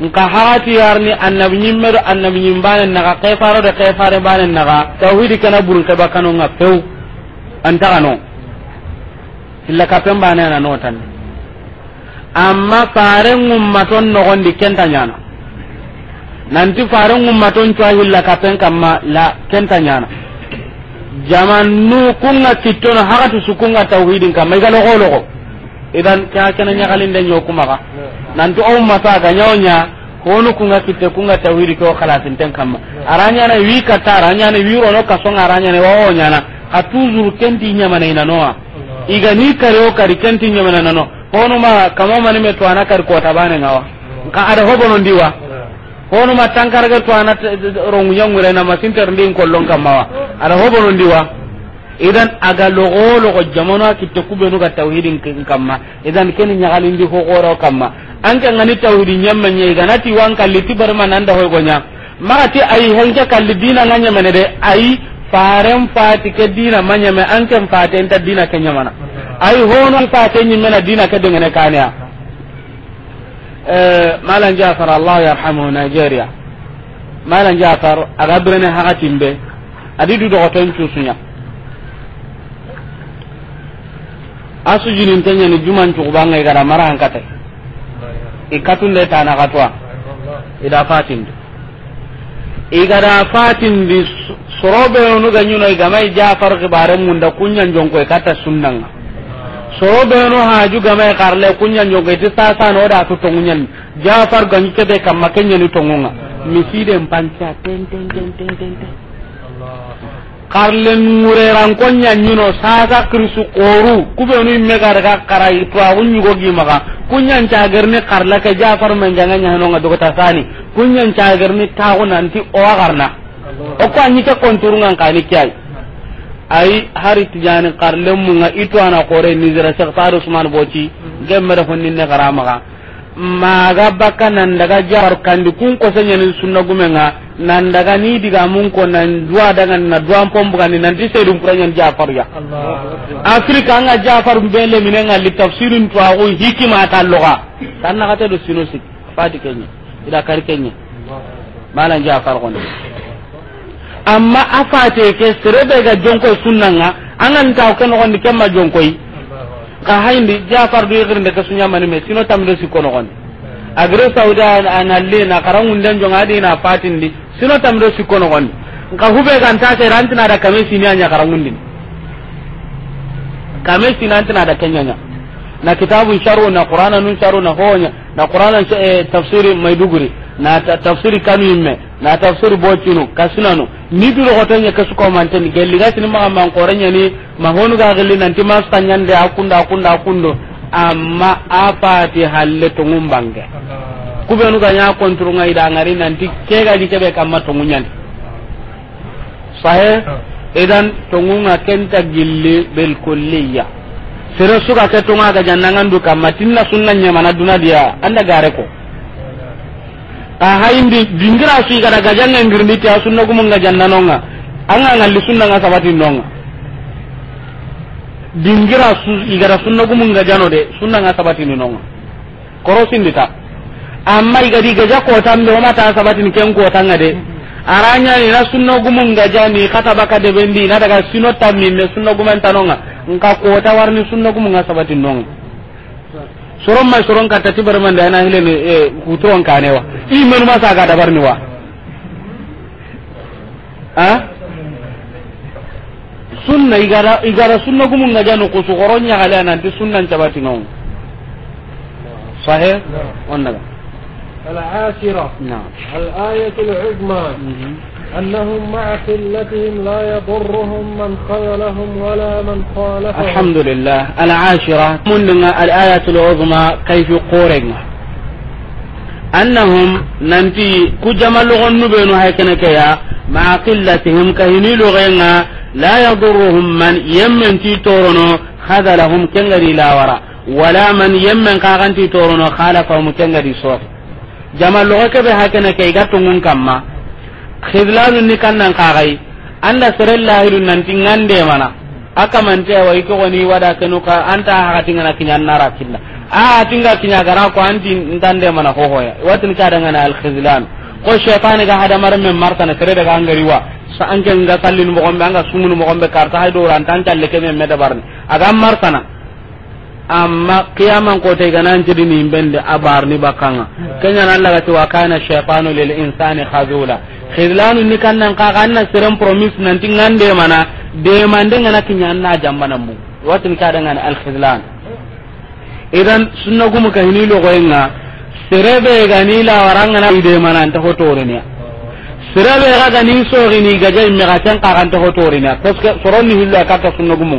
nka hakati yarni annabi nyimmedo annabi nyimbane naga kefaro de kefare bane naga tauhidi kana burun ke bakano nga pew antagano illa ka pembane na notan amma faren ngummaton di kenta ñana nanti faren ngummaton cuwa hilla kapen kamma la kenta nyana ñana jamannu kunga kittono hakatu sukunga tawhidin kamma iga logo logo idan ka kena ñagalinde ñokumaga nanti o ta ga ñawoña honu kunga kitte kunga tawhidi keo halasinten kamma arañana wi katta arañana wi rono kasonga arañana wawoñana a toujours kenti ñamaneinanoa iga ni kare o kari kenti ñamanenano honuma kamomanime tuana kadi kotabanengawa ka ada hobono ndiwa honuma tankarga tuana ronguñanguirena masinter ndin kollon kammawa ada hobono ndiwa idan aga logologo jamano a kitte kubenuga tawhidi n kamma idan keni ñagalindi hogoro kamma anke ngani tawhidi ñammeñe iganati wan kalli ti barma nanda hoygo ña magati ayi henke kalli dina nga ñamene de ayi faren fati ke dina ma ñame anken fatenta dina ke ñamana ay hono ta ni mena dina ka dengene kaniya eh malan jafar allah yarhamu nigeria malan jafar agabrene brene hakatin be adi du chu sunya asu jinin tanya ni juman cukuba ngai gara marahan kata ikatun de tana katwa ida fatin igara fatin di sorobe onu ganyuno igamai jafar kibare munda kunyan jonko ikata sunnanga soro beno haju gamay karle kunya nyoge ti sa no da to tongunyan jafar ganyi kebe kamma kenya ni tongunga den mpancha ten ten ten ten ten karle nure ran konya nyino sasa krisu koru kube ni mega daga karai to awun nyugo gimaga kunya nchagar ni karla ke jafar menjanga nyano ngadugo tasani kunya nchagar ni tawo nanti o garna o ko anyi ke konturungan kani kyai ay hari tijani qarlemu nga itu ana kore ni zira sektar usman boci gemmere ne daga jar kandi kun ko sanya ni sunna gumenga nan daga ni diga mun ko nan dua daga na dua pom nan di sedum jafar ya afrika nga jafar mbele minenga li tafsirin to ago hikima ta loga tan na kata do sinosik fadi kenya ida kar kenya jafar amma afate ke serebe ga jonko sunnanga angan taw ken gondi kemma yi. ka hayndi jafar du yirin ke sunya mani me sino tamdo sikko no gondi agre saudi alle na karangun den jonga di na di sino tamdo sikko no gondi nka hube kan ta sai rantina da kame sinya nya karangun din kame sinantina da kenya nya na kitabun sharu na qur'ana nun sharu na hoya na qur'ana eh, tafsiri maiduguri na tafsiri kanu yimme na tafsir bocinu kasunanu ni duro hotonye kasu ko manten gelli ga tin ma ni ma honu ga gelli akunda akunda akundo amma halle to ngumbange ga nya ngai da ngari nanti kega di kebe to ngunyan sahe ah. to ngunga kulliya sira suka to ga jannangan du tinna sunnan nya mana dunadia anda ko ahayindi dingira daga gada gajanga ta sunna asunna gumu ngajanna nonga anga ngalli sunna nga sabati nonga dingira su igara sunna gumu jano de sunna nga sabati ni nonga korosin dita amma igadi gaja ko tambe o mata sabati ni ken ko tanga de aranya ni na sunna gumu jani kata baka de bendi na daga sino mi me sunna ta nonga nka ko warni sunna gumu nga sabati nonga soron ma soron ka tati barman da yana hile ne eh, kutuwan ka ne wa i menu ma sa ga dabar ni wa a sunna igara igara sunna gumu ngaja no kusu goronya hala nan ti sunnan tabati no sahih wannan al-asira na'am al-ayatul 'uzma mhm. أنهم مع قلتهم لا يضرهم من خذلهم ولا من خالفهم الحمد لله العاشرة من الآية العظمى كيف قورن أنهم ننتي كجمل نبين يا مع قلتهم كهني لغينا لا يضرهم من يمن تي تورنو خذلهم كنغري لا وراء ولا من يمن تي تورنو خالفهم كنغري صوت جمال لغة كبه هكذا كيغا تنغن كما khidlanu ni kannan kagai anda serel lahiru nanti ngande mana aka mante wa iko woni wada kenuka anta hakati ngana kinyan nara killa a tinga kinya gara ko anti ndande mana ho hoya watin ka dangana al khizlan ko shaytan ga hada mar men marta na sere daga ngari wa sa anke nga sallin mo gombe anga sumunu mo gombe karta hay do ran tan talle ke men medabarni aga martana amma qiyaman ko te ganan tiri ni bende abar ni bakanga kenya nan laga to kana shaytanu lil insani khazula khizlanu ni kan nan ka kan na serem promise nan tingande mana de de ngana kinya na jamba nan mu watin ka dangan al khizlan idan sunna gum ka hini lo goyenga serebe ni la waranga na de mana ko hotore ni serebe ga ni so ga jay mi ga tan ka kan to hotore ni parce que ni hilla ka ta sunna gum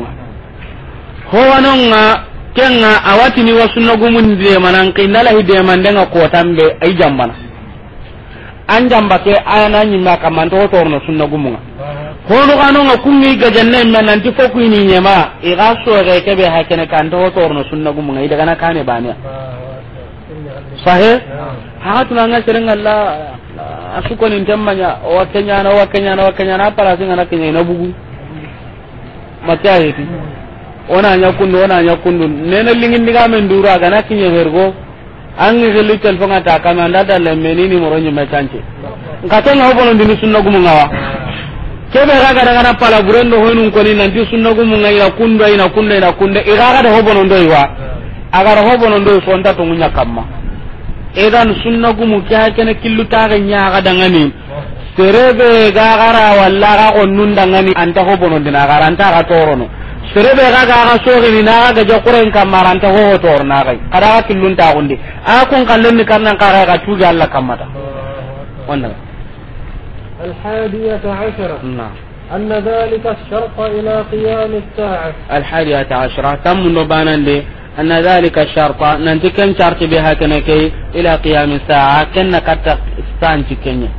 ho wanonga kenga awatini wasunna gumun de manan kindala hide mandanga ko tambe ay jambana an jamba ke ayana nyimma kaman to torno sunna gumunga hono kanu nga kungi gajanne men nanti foku ini nyema iga so ga kebe hakene kan to torno sunna gumunga ida kana kane baniya sahe ha tuna nga serenga la asuko ni tammanya wa kenya na wa kenya na wa kenya na para singa na kenya na bugu matayi ona nya kundu ona nya kundu nene lingin diga men dura ga na kinye hergo an ngi gelu telefon ta kama nda ndada le menini moro nyi metanche ngata na hobono dinu sunna gumu ngawa kebe raga daga na pala burendo hoynun ko ni nanti sunna gumu ngai na kundu ina kundu ina kundu iraga da hobono ndoi wa agar hobono ndoi sonda to munya kama idan sunna gumu kya kene killu ta ga nya ga daga ni serebe ga gara walla ga onnun daga ni anta hobono dina gara anta ga torono serebe ga ga ga sogi ni na ga ja kuren kamaranta ho tor na ga kada ga killun ta gundi a kun kallen ni kan nan kara ga tuga Allah kamata wannan الحادية عشرة نعم أن ذلك الشرق إلى قيام الساعة الحادية عشرة تم نبانا لي أن ذلك الشرط ننتي كم شرط بها كنكي إلى قيام الساعة كن كتا سانتي كنيا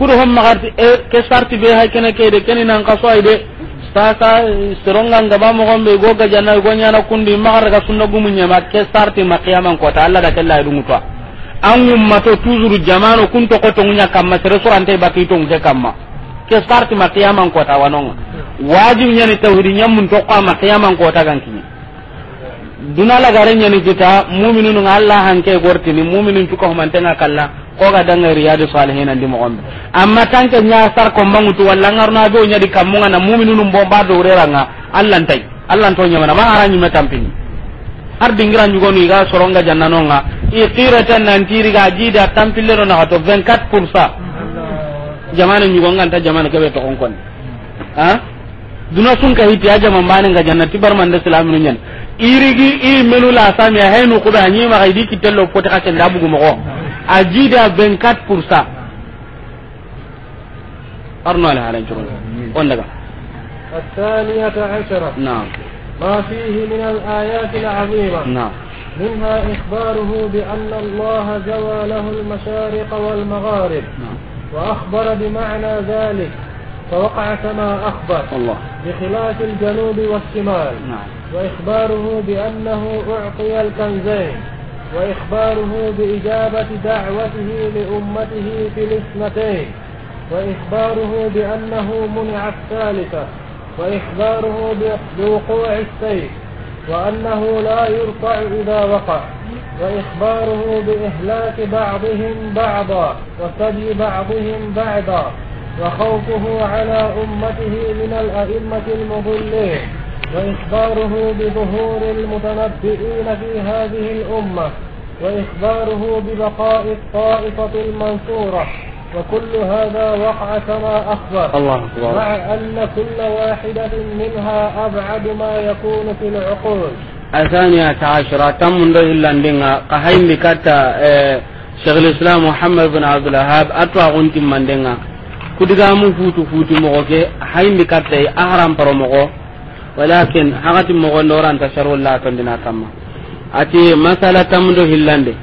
كلهم مغرد إيه، كشرط بها كنكي دي كن ننقصوا sasa serongan ngaba mo gombe go gajana go nyana kundi magar ga sunna gumu nyama ke sarti maqiyaman ko ta Allah da kella idungu to an ummato tuzuru jamano kun to ko tongunya kamma sere surante baki to nge kamma ke sarti maqiyaman ko ta wanonga wajib nyani tauhid mun to ko maqiyaman ko ta ganki duna la garenya ni kita mu'minun Allah hanke gortini mu'minun to ko mantenga kala koga danga riyadu salihin andi mogombe amma tanke nya sar ko to walla na do nya di kamunga na bo bomba do ranga allan tay allan to nya mana ma aranyi metampini har dingira nyugonu ga soronga nga i qiratan nan tiri ga jida tampillero na to 24% jamana nyugonga ta jamana kebe to onkon ha duna sun ka hiti aja mambane ga jannati man da salamu nyen irigi i menula sami ya henu kuda nyima ga idi kitello ko ta gumo ajida 24% arno ala halan jurun on daga الثانية عشرة نعم ما فيه من الآيات العظيمة نعم منها إخباره بأن الله جوى له المشارق والمغارب نعم. وأخبر بمعنى ذلك فوقع كما أخبر الله بخلاف الجنوب والشمال نعم. وإخباره بأنه أعطي الكنزين وإخباره بإجابة دعوته لأمته في الاثنتين وإخباره بأنه منع الثالثة وإخباره بوقوع السيف وأنه لا يرفع إذا وقع وإخباره بإهلاك بعضهم بعضا وسبي بعضهم بعضا وخوفه على أمته من الأئمة المضلين وإخباره بظهور المتنبئين في هذه الأمة وإخباره ببقاء الطائفة المنصورة وكل هذا وقع كما أخبر الله أكبر مع أن كل واحدة منها أبعد ما يكون في العقول الثانية عشرة تم منذ إلا ندنا قهين بكتا شغل آه، شيخ الإسلام محمد بن عبد الوهاب أتوى غنتم من دنا كدقامو فوتو فوتو مغوكي حين بكتا أهرام برمغو walakin hakati mogon dora anta sharol la ton dina kamma ati masala tamdo hillande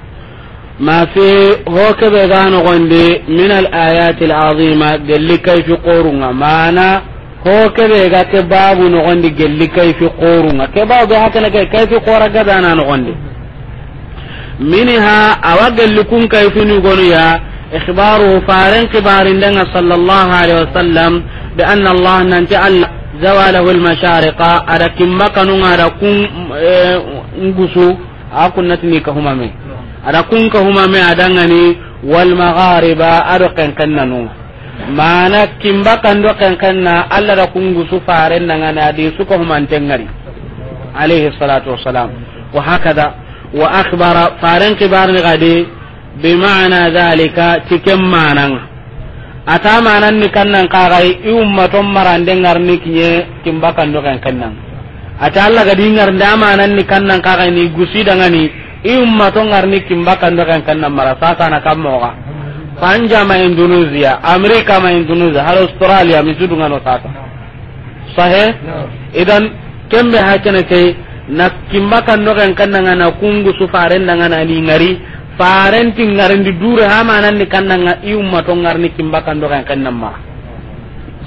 ma fi hoke be gano gonde min al ayati al azima gelli kayfi qorunga mana hoke be ga ke babu no gonde gelli kayfi qorunga ke babu hakana ke kayfi qora ga dana no gonde minha awagelli kun kayfi ni gonu ya ikhbaru faran kibarin danga sallallahu alaihi wasallam bi anna allah nanti allah zawalahu almashariqa ada kimma kanu ada kun eh, ngusu akunnat ni kahuma me ada kun kahuma me adanga ni wal maghariba ado kan kannanu mana kimbakan do kan kanna alla da kun gusu faren nan ana di su kahuma tengari alaihi salatu wassalam wa hakada wa akhbara faren kibar ni gadi bi ma'ana zalika cikin tikemmanan ata manan ni kannan kagai i ummaton marande ngarni kinye kimbakando kan kan kannan ata allah di ngar nda manan ni kannan kagai ni gusi ni i ummaton ngarni kimbakando kan kan kannan mara sasa na kammoga panja ma indonesia amerika ma indonesia har australia mi sudu ngano sasa sahe idan kembe hakene kai na kimbakando kan kannan na kungu su faren sufaren dangana ni ngari parenti ngarindi dure ha manan ni kannanga i umma to ngarni kimbakan do kan namma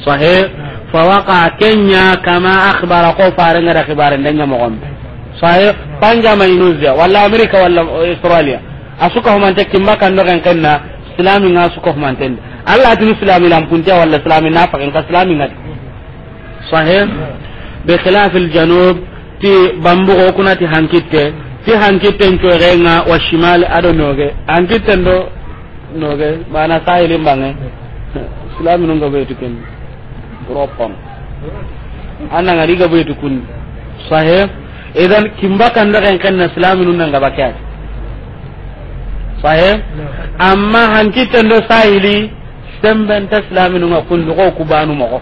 sahe fa waqa kenya kama akhbara ko fare ngara khibare ndenya mo gombe sahe panja ma inuzia wala america wala australia asuka ho mante kimbakan do kan kanna islami nga suka ho mante allah tin islami lam punja walla islami na pakin ka islami ngat sahe bi khilaf al janub ti bambu ko kunati hankitte ti hankitten coxenga wa shimal aɗo noge hankitten ɗo noge mana sahilin bange silaminunga ɓeytu ken ropam annanga ɗiga ɓeytu kundi sahe idan kimba kandaxen kenna silaminunanga bakeati sahe amma hankitten ɗo sahili sembenta silaminunga kundi xo kubanu moxo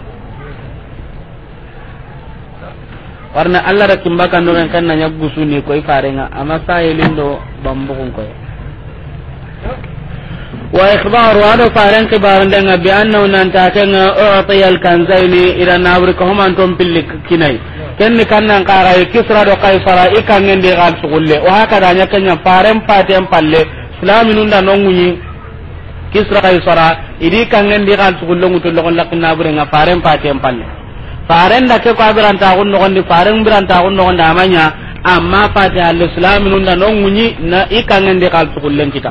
warna allah da kimba kan nogen kan nanya gusuni nga farenga ama sayelin do bambukun koy wa ikhbaru ado faren kibaran danga bi annahu nan ta kenga u'tiya al-kanzaini ila nabri ko man tom pillik kinai kenni kannan qara kisra do qaisara ikangen de gal sugulle wa haka danya kenya faren paten palle islaminun da nongunyi kisra qaisara idi kangen de gal sugulle ngutul lokon lakin nabri nga faren paten palle faren da ke kwa biranta kun no gondi faren biranta kun no gondi amanya amma fati al-islam nun da non munyi na ikangen de kal tukullen kita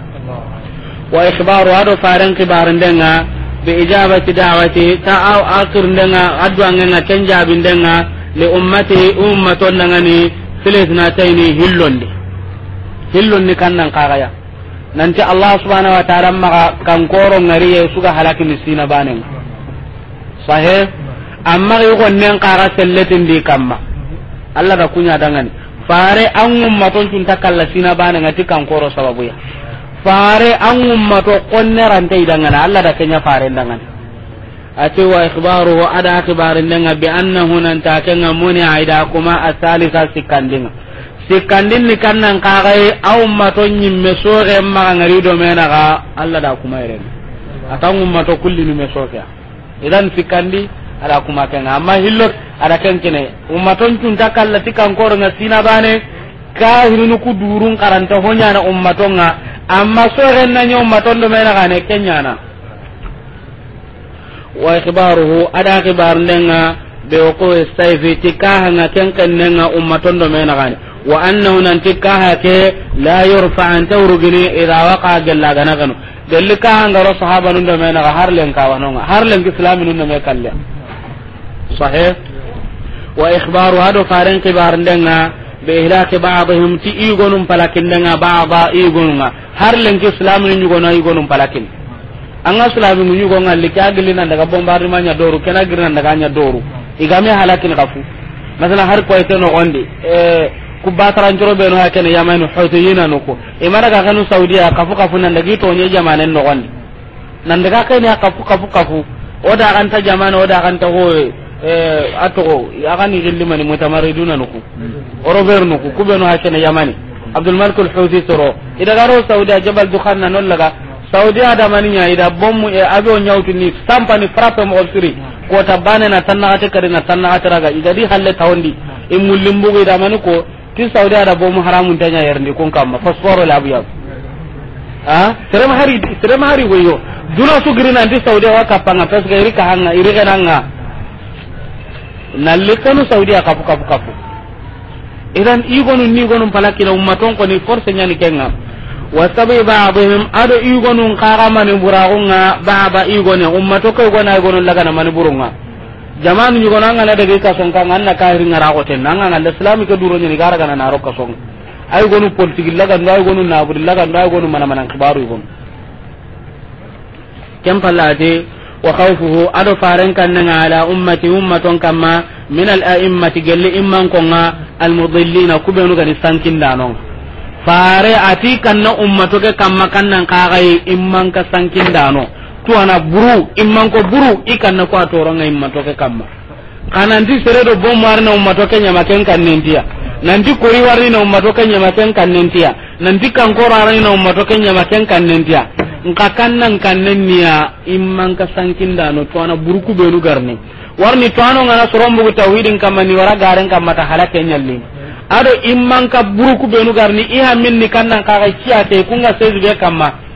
wa ikhbaru ado faren kibarin denga bi ijabati da'wati ta aw akhir denga adu angenga canja bin denga li ummati ummaton denga ni na filisnataini hillondi hillondi kannan kagaya nanti allah subhanahu wa ta'ala maka kankoro ngariye suga halakin sina banen sahih amma yi gonnen kara selletin di kamma Allah da kunya dangane fare an ummaton tun takalla sina bana ngati kan koro sababu ya fare an ummato konne rantai dangane Allah da kenya fare dangane ati wa ikhbaruhu ada akhbarin danga bi annahu nan ta kenga muni aida kuma asalika sikandinga sikandin ni kannan kagai aw mato nyimme sore ma ngari do mena ga Allah da kuma iren atan ummato kulli ni mesoka idan sikandi ada kuma kenga amma hilot ada ken kene ummaton cunta kalla ti kankoronga sina bane hinu ku durun karanta honyana ummatonga amma sorenna nye ummaton do mena gane kenyana wa ikhbaruhu ada ikhbar ndenga be ko istaifi ti kahanga ken kennenga ummaton do mena kane wa annahu nan tikaha ke la yurfa an tawrugini idha waqa galla ganagano dalli kahanga ro sahaba nun do mena har len kawanonga har len islamin nun do kalle sahih wa ikhbaru hado faren kibarindenga be ihlaki ba'dihim ti igonum palakindenga ba'da igonunga har lenki islamu ni nyugona igonum palakin anga islamu ni nyugonga likagili nan daga bombardement nya doru kena girnan daga nya doru igame halakin kafu masala har ko ite no gondi eh ku bataran joro be no hakene yamanu hutiyina no ko saudiya kafu kafu nan daga to nye jamanen no gondi nan daga kai ne kafu kafu kafu oda kan ta jamana oda kan ta hoye Eh, a togo aga ni gelli mani nuku orover nuku kubenu hakene yamani abdul malik al huthi soro ida garo saudi jabal non laga saudi ada mani nya ida bommu e ni ni frappe mo siri ko tabane na tanna ate kare na tanna ate raga ida di halle tawndi e ida mani ko ti saudi ada bommu tanya yerndi kamma fosforo la abiya a serem hari serem hari duna su girina ndi saudi wa kapanga pesga iri kahanga iri kenanga nalli konu saudiya kafu kafu kafu idan igonu ni gonu palakila ummaton ko ni force nyani kenga wasabi ba'dihim ado igonu kaga mani buragunga baba igonu ummato ko gona igonu laga na mani burunga jamanu ni gonu na daga ka songa nganna ka hirin ara ko ten nanga ngala islami ke duro nyani gara gana naro ka song ay gonu politiki laga ndai gonu gonu buri laga ndai gonu mana mana kibaru igonu kempalade wa khawfuhu ado faran kannanga ala ummati ummaton kamma min al a'immati gelle imman konga al mudillina kubenu gani danon fare ati kanna ummato ke kamma kannan kagai imman ka sankin to tuwana buru imman ko buru ikanna ko atoronga immato ke kamma kananti seredo bomwarna ummato ke nyamaken kannentiya nanti kori warina ummato ke nyamaken kannentiya nanti kankoro arina ummato ke nyamaken kannentiya nka kannan kannen niya imman ka da no to ana buruku benu garne warni to ano ngana sorombugu tawhidin ni wara garen mata halake nyalli ado imman ka buruku benu garni iha minni kannan kaga kiyate kunga sezi be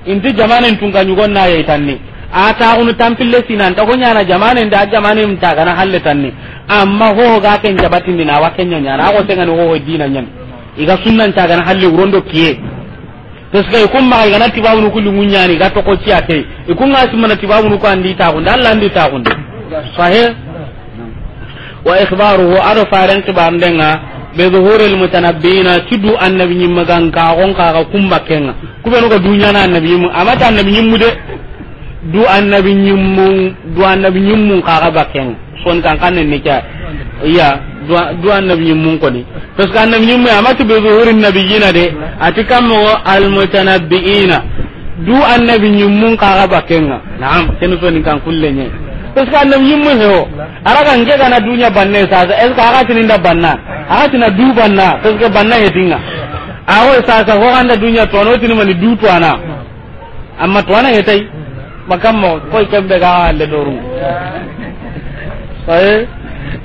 in inti jamanen ga nyugon na tanni ta ata unu tampille sinan ta gonya na jamanen da jamanen mta na halle tanni amma ho ga ken jabati mina wa kenya na ko tengan ho ho dina nyen iga sunnan ta na halle urondo kiye tesga ikun ma igana tibabu nu kullu munyani ga to ko ci ate ikun ma simana tibabu nu ko andi ta hunda Allah andi ta hunda sahih wa ikhbaruhu ado faran kiban denga be zuhur al mutanabbina tudu annabi nyimma gan ka gon ka ga kumba kenga kubenu ko dunya annabi mu amata annabi mu de du annabi nyimmun du annabi nyimmun kaga bakeng son kan kan ne ca iya du annabi nyimmun ko ni parce que annabi nyimmun amati be zuhurin nabiyina de ati kam al mutanabbiina du annabi nyimmun kaga bakeng na'am kenu son kan kulle ne parce que annabi nyimmun ho ara kan nge kana dunya banne sa est ce tin da banna ara tin du banna parce que banna yetinga awo sa sa ho anda dunya tono mali du to ana amma to ana tai makan makammo koy kembe ga le doru sai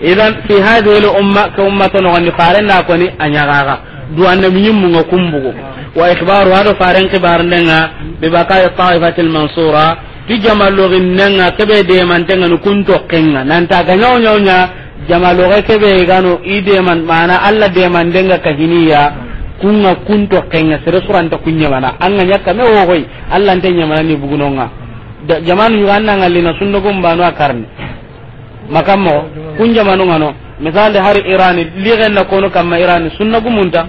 idan fi hadhihi al umma ka ummatun wa nifaren na ko ni koni na duwanne mu ngakumbu ko wa ikhbaru faran ke bar ndenga bi bakai ta'ifati al mansura ti jamalogin nenga kebe demantenga nu kunto kenga ta ga nya jamalu ga ke be ga no ide man mana alla de man denga demandenga kahiniya kunga kunto kenga sere suranta kunya mana anga nyaka me wogoy alla nte nyamana ni bugunonga jamanu yu anna na sunna gum banu akarni mo kun jamanu ngano misali har irani ligen na kono ma irani sunna munta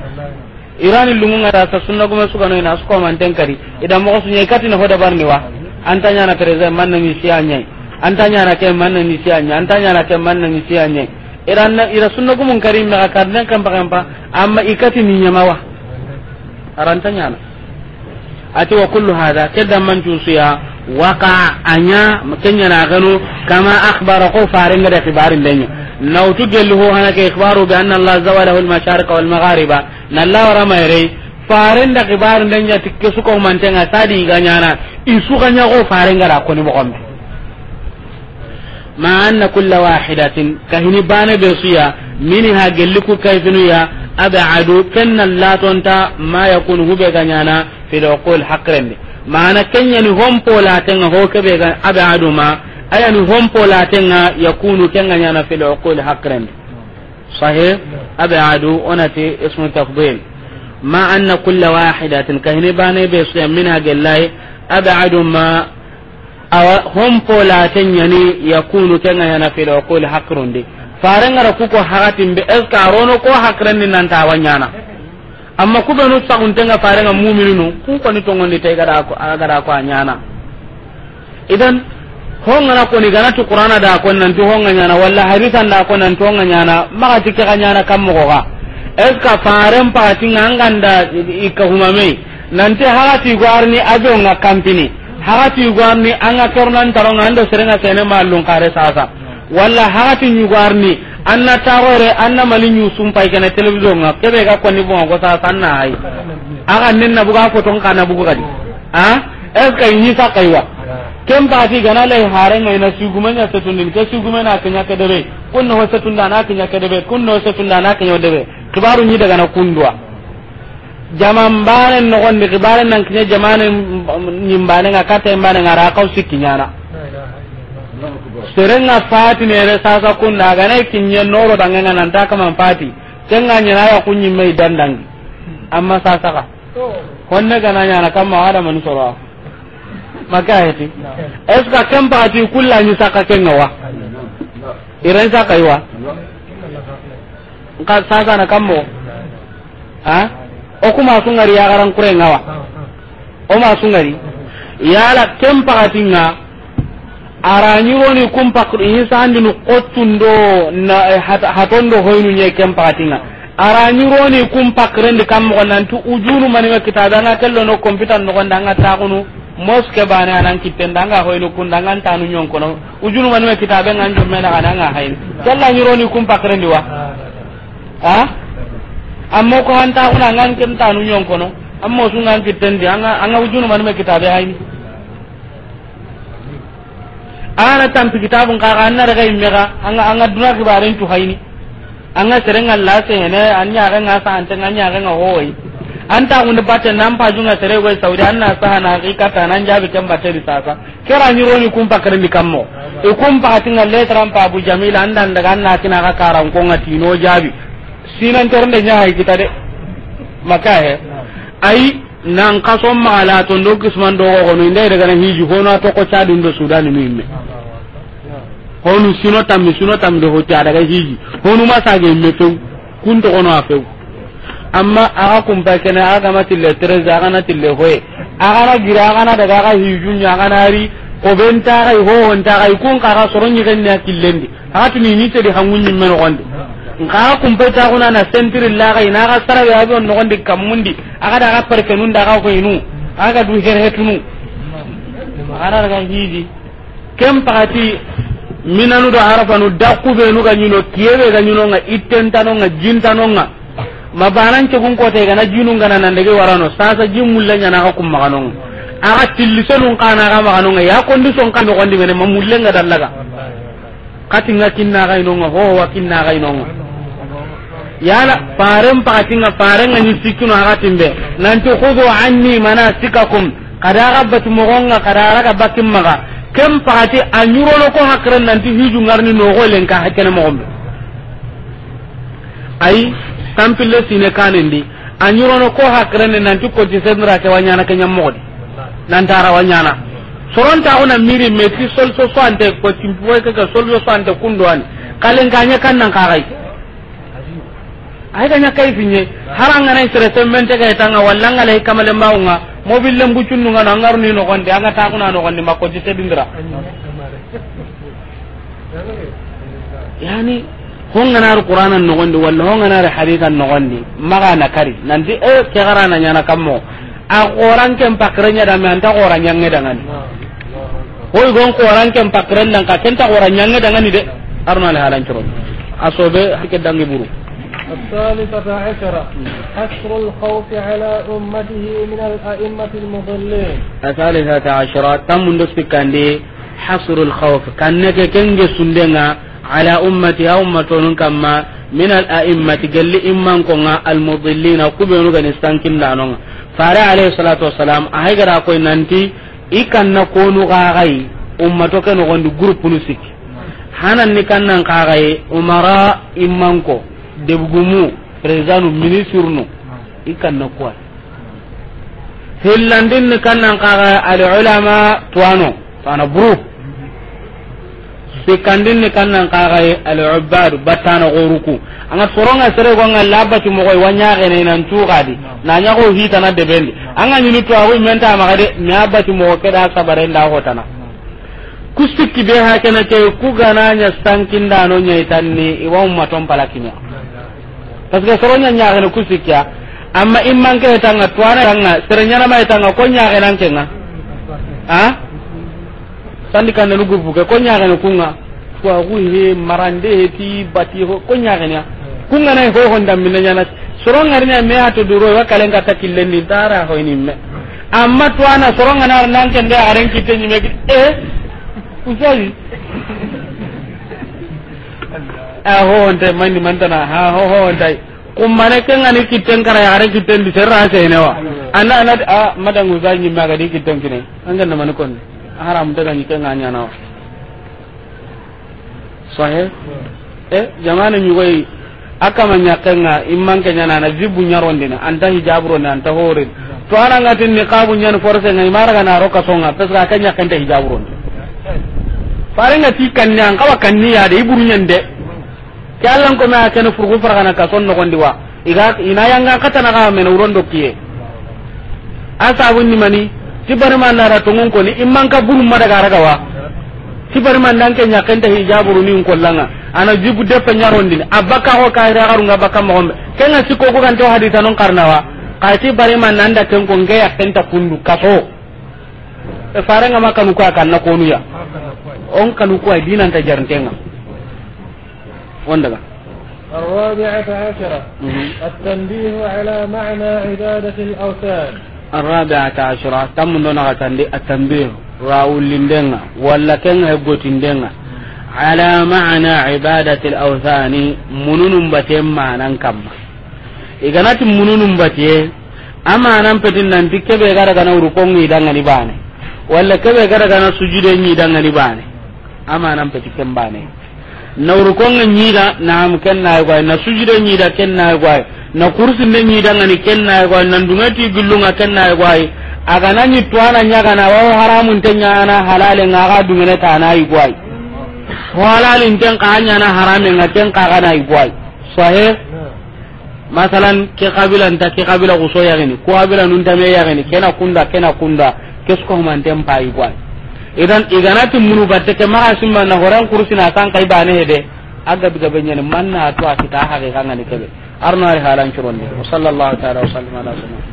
irani lungu ngara ta sunna e su suka no su suka man tenkari ida mo sunye ikati na hoda barni wa antanya na tereza man na misiya nyai antanya na ke man na misiya nyai antanya na ke man na misiya nyai na ira sunna gumun karim ma karna kam pakampa amma ikati ni nyama wa arantanya na ati wa kullu hada kedda man tusiya waka anya kenya na gano kama akhbara ko farin da kibarin danyo law tujallu ho hanake ikhbaru bi anna allah zawala al mashariq wal maghariba nalla wara mayre farin da kibarin ya tikke su ko mantenga sadi ganya na isu ganya ko farin gara ko ni bokombe ma anna kulla wahidatin kahini bana be suya minha gelliku kayfinu ya abadu kenna latonta ma yakunu hube na fi dawqul haqqan mana kenyani hompo latenga hokebe ga abe aduma aya ni hompo tenga yakunu kenga nyana fil uqul hakran sahih abe adu onati ismu tafdil ma anna kulla wahidatin kahini bane be suya mina gellai abe aduma awa hompo ni yakunu kenga nyana fil uqul hakrundi farengara kuko hakatin be eska rono ko hakran nan wanyana amma ku benu saguntenga farenga mumininu kun koni tongondita ku ko a na. idan ko ni ganatu qur'ana da ko nanti honga na walla hadisan da ko nanti honga ñana na ma ka ñana kam mogoxa est ce que faren patinga anganda ikka humamei nanti hagati gwarni abeonga kampini hagati gwarni anga kornantaronga ando serenga sene malung kare sasa walla hagati ñugwarni anna tagore anna mali nyusum pay kana television nga kebe ga koni bon ko sa sanna ay aga nenna buga ko ton kana buga kadi ha es kay ni sa kay wa kem ba fi gana lay hare ngai na suguma nya setun din ke suguma na kanya kedere kunno ho setun dana kanya kedere kunno setun dana kanya debe tubaru ni daga na kundwa jaman bane no gonni kibaren nan kinya jamanen nyimbane nga kata mbane nga ra kaw sikinya na serenga pati mere sasa kunda ganai kinye noro danganga nan ta kama pati tenga nyana ya kunyi mai dandang amma sasa ka honne gana nyana kama ada man soro maka heti eska kan pati kulla ni saka kenga wa iran saka yiwa ka sasa na kammo ha o kuma sungari ya garan kurenga wa o ma sungari yala kan pati nga aranyigoni kumpak nu qottundo na eh, hatondo hoynu nye ken pakatinga aranyigoni kumpakrendi kammogo nanti ujunu maniga kitabe anga kellono computer nogonda anga taxunu moske bane anan kittenda nga hoynu kunda anga ntanu ñonkono ujunu maniga kitabe nga njommenaxana anga hayni kellanyironi kumpakrendi wa ha amma ko hantaxuna angan kentanu ñonkono amma kitendi kittendi anga ujunu maniga kitabe hayni ana tampi kitabun ka anna daga immega anga anga duna kibaren tu haini anga serenga lase ne anya nga sa ante anya renga hoyi anta ngunde batte nan pa junga sere go saudi anna saha na hakikata nan jabi kan batte di sasa kera ni roni kumpa kare mi kammo e kumpa tinga letra pa abu jamil andan daga anna kina ka karan ko ngati no jabi sinan tornde nya hay kita de maka he ai nan kaso magala ton do kisman do ko no inde daga na hiji ko na to ko chadin do sudan mi me honu sino tam sino tam do hoti daga hiji honu ma sage me to kun to kono afew amma aga kum ba kana aga matille treza aga kana tille hoye aga na gira aga na daga aga hijun ya aga nari ko ben ta ga ho on ta ga kun ka ga soron ni ganna killendi hatu ni ni te di hangun ni men gonde nka kumpeta kuna na sentiri laga ina ya sarabe abi on nogondi kamundi aga daga perkenun daga ko inu ka du herhetunu aga ka hiji kem pagati minanu do harafanu dakkubenu ga ñino kiyebe ga ñinonga ittentanonga jintanonga mabanan cegun kote gana jinungana nandege warano sasa jin mullenñanaka kummaganonga aga tillisenun kanaka maganonga ya condition ka nogondimene ma mullenga dallaga katinga yala faren pakatinga faren ani sikino aga kada maga kem ko hakran hiju ngarni no golen ka hakene ai sine ko hakran ko wanyana wanyana ona miri meti sol so so ante ko timpoy ka sol so ante kalen ka ay ganya kay finye haranga nay sere temben te kay tanga walla ngale kamale maunga mobil lembu cunnu ngana ngar ni no gonde anga ta kuna no gonde makko dindra yani honga nar qur'anan no gonde walla honga nar hadithan no gonde maga na kari nanti e ke garana nyana kammo a qur'an ke mpakrenya da me anta qoran nyange dangan hoy gon qur'an ke mpakren nan ka kenta qur'an nyange dangan ni de arna le halan coro asobe hike dangi buru الثالثة عشرة حشر الخوف على أمته من الأئمة المضلين الثالثة عشرة تم من ندسك حصر الخوف كان كنج سندنا على أمتي أو أمتون كما من الأئمة قال لي إمان كونا المضلين كبيرون كان يستنكم لانونا فارع عليه الصلاة والسلام أهيقر أقول ننتي إكان نكونو غاغي أمتوك نغند جروب نسك hanan ni kannan kagaye umara immanko debgumu présidentu ministre nu hmm. i kanna kuwa hillandin ni kannan kaga alulama tuwano tuwana buru hmm. sikandin ni kannan kaga alubadu battana goruku anga soronga sere gonga labati mo koy wanya gene nan tuqadi hmm. na nya ko hita na debendi anga nyinu to awu menta magade mi abati mo keda sabare nda hotana kusiki be ha kana te ku gananya stankin da no nyai tanni iwa umma ton palakinya paske soronya nya kana kusikia amma imman ke tanga tuana tanga serenya na mai tanga konya kana kenga ha sandika ne lugu buke konya kana kunga kwa he marande he ti bati ho konya kana kunga na ho honda minanya na soronga rinya me ato duro wa kalenga takille ni tara ho ni me amma tuana soronga na nan kenga aren kitenyi me eh kusoyi a hohontai mandi mantana ha ho ho hohontai kummane kengani kitten kara yagare kitten di serra wa anda anati a madangu sa ñimme agadi kitten kine angenna mani konne haram daga ñi kenga ñanawa sahe e jamane ñugoy a kama ñakkenga immanke ñanana jibbu ñarondina anta na anta horin to tin niqabun ni forse ngai maraga na roka songa parce que kan ke ñakkente hijaburondi farenga ti kanni an kawa kanni ya de iburu nyande ke allan ko ma kana furgu fargana ka son no gondi wa iga ina yanga na ga men urondo kiye asabun ni mani tibar man na ra tungun ko ni imman ka buru ma daga raga wa tibar man dan ke nya kenta hijaburu ni ko langa ana jibu de pe nyarondi abaka ho ka ira garu nga baka mo gombe si siko ko kan to hadita non karna wa ka tibar man nan da ken ko nge ya kenta kundu kaso e farenga ma makanu ko akan na konu ya on kanu ko dinan ta jarntenga wondaga الرابعة عشرة التنبيه على معنى عبادة الأوثان الرابعة عشرة تم دون التنبيه راول لندنا ولا كان هبوت على معنى عبادة الأوثان منون بتم معنى كم إذا نت منون بتيه أما أنا بدين نتكلم عن هذا كنا وركون يدعنا نبانه wala kebe gara gana sujude ni bane ama nan pati ken bane na urukonga da na am ken na gwai na sujude da ken na gwai na kursi ne nyida ngani ken na gwai na ndungati gillunga ken na gwai aga na ni twana nyaga na wa haramun tanya na halale ngaga dungene ta na igwai halalin ten ka hanya na harame nga ten ka ga na igwai sahe masalan ke kabila nta ke kabila kuso yagini ko kabila nun ta me yagini kena kunda kena kunda kesko humanten payi gwan idan iganati munu batte ke maga simma na horan kursina kan kai bane hede aga biga benyane manna to akita haga kan ni kebe arno halan curon ni sallallahu ta'ala wa sallam ala sallam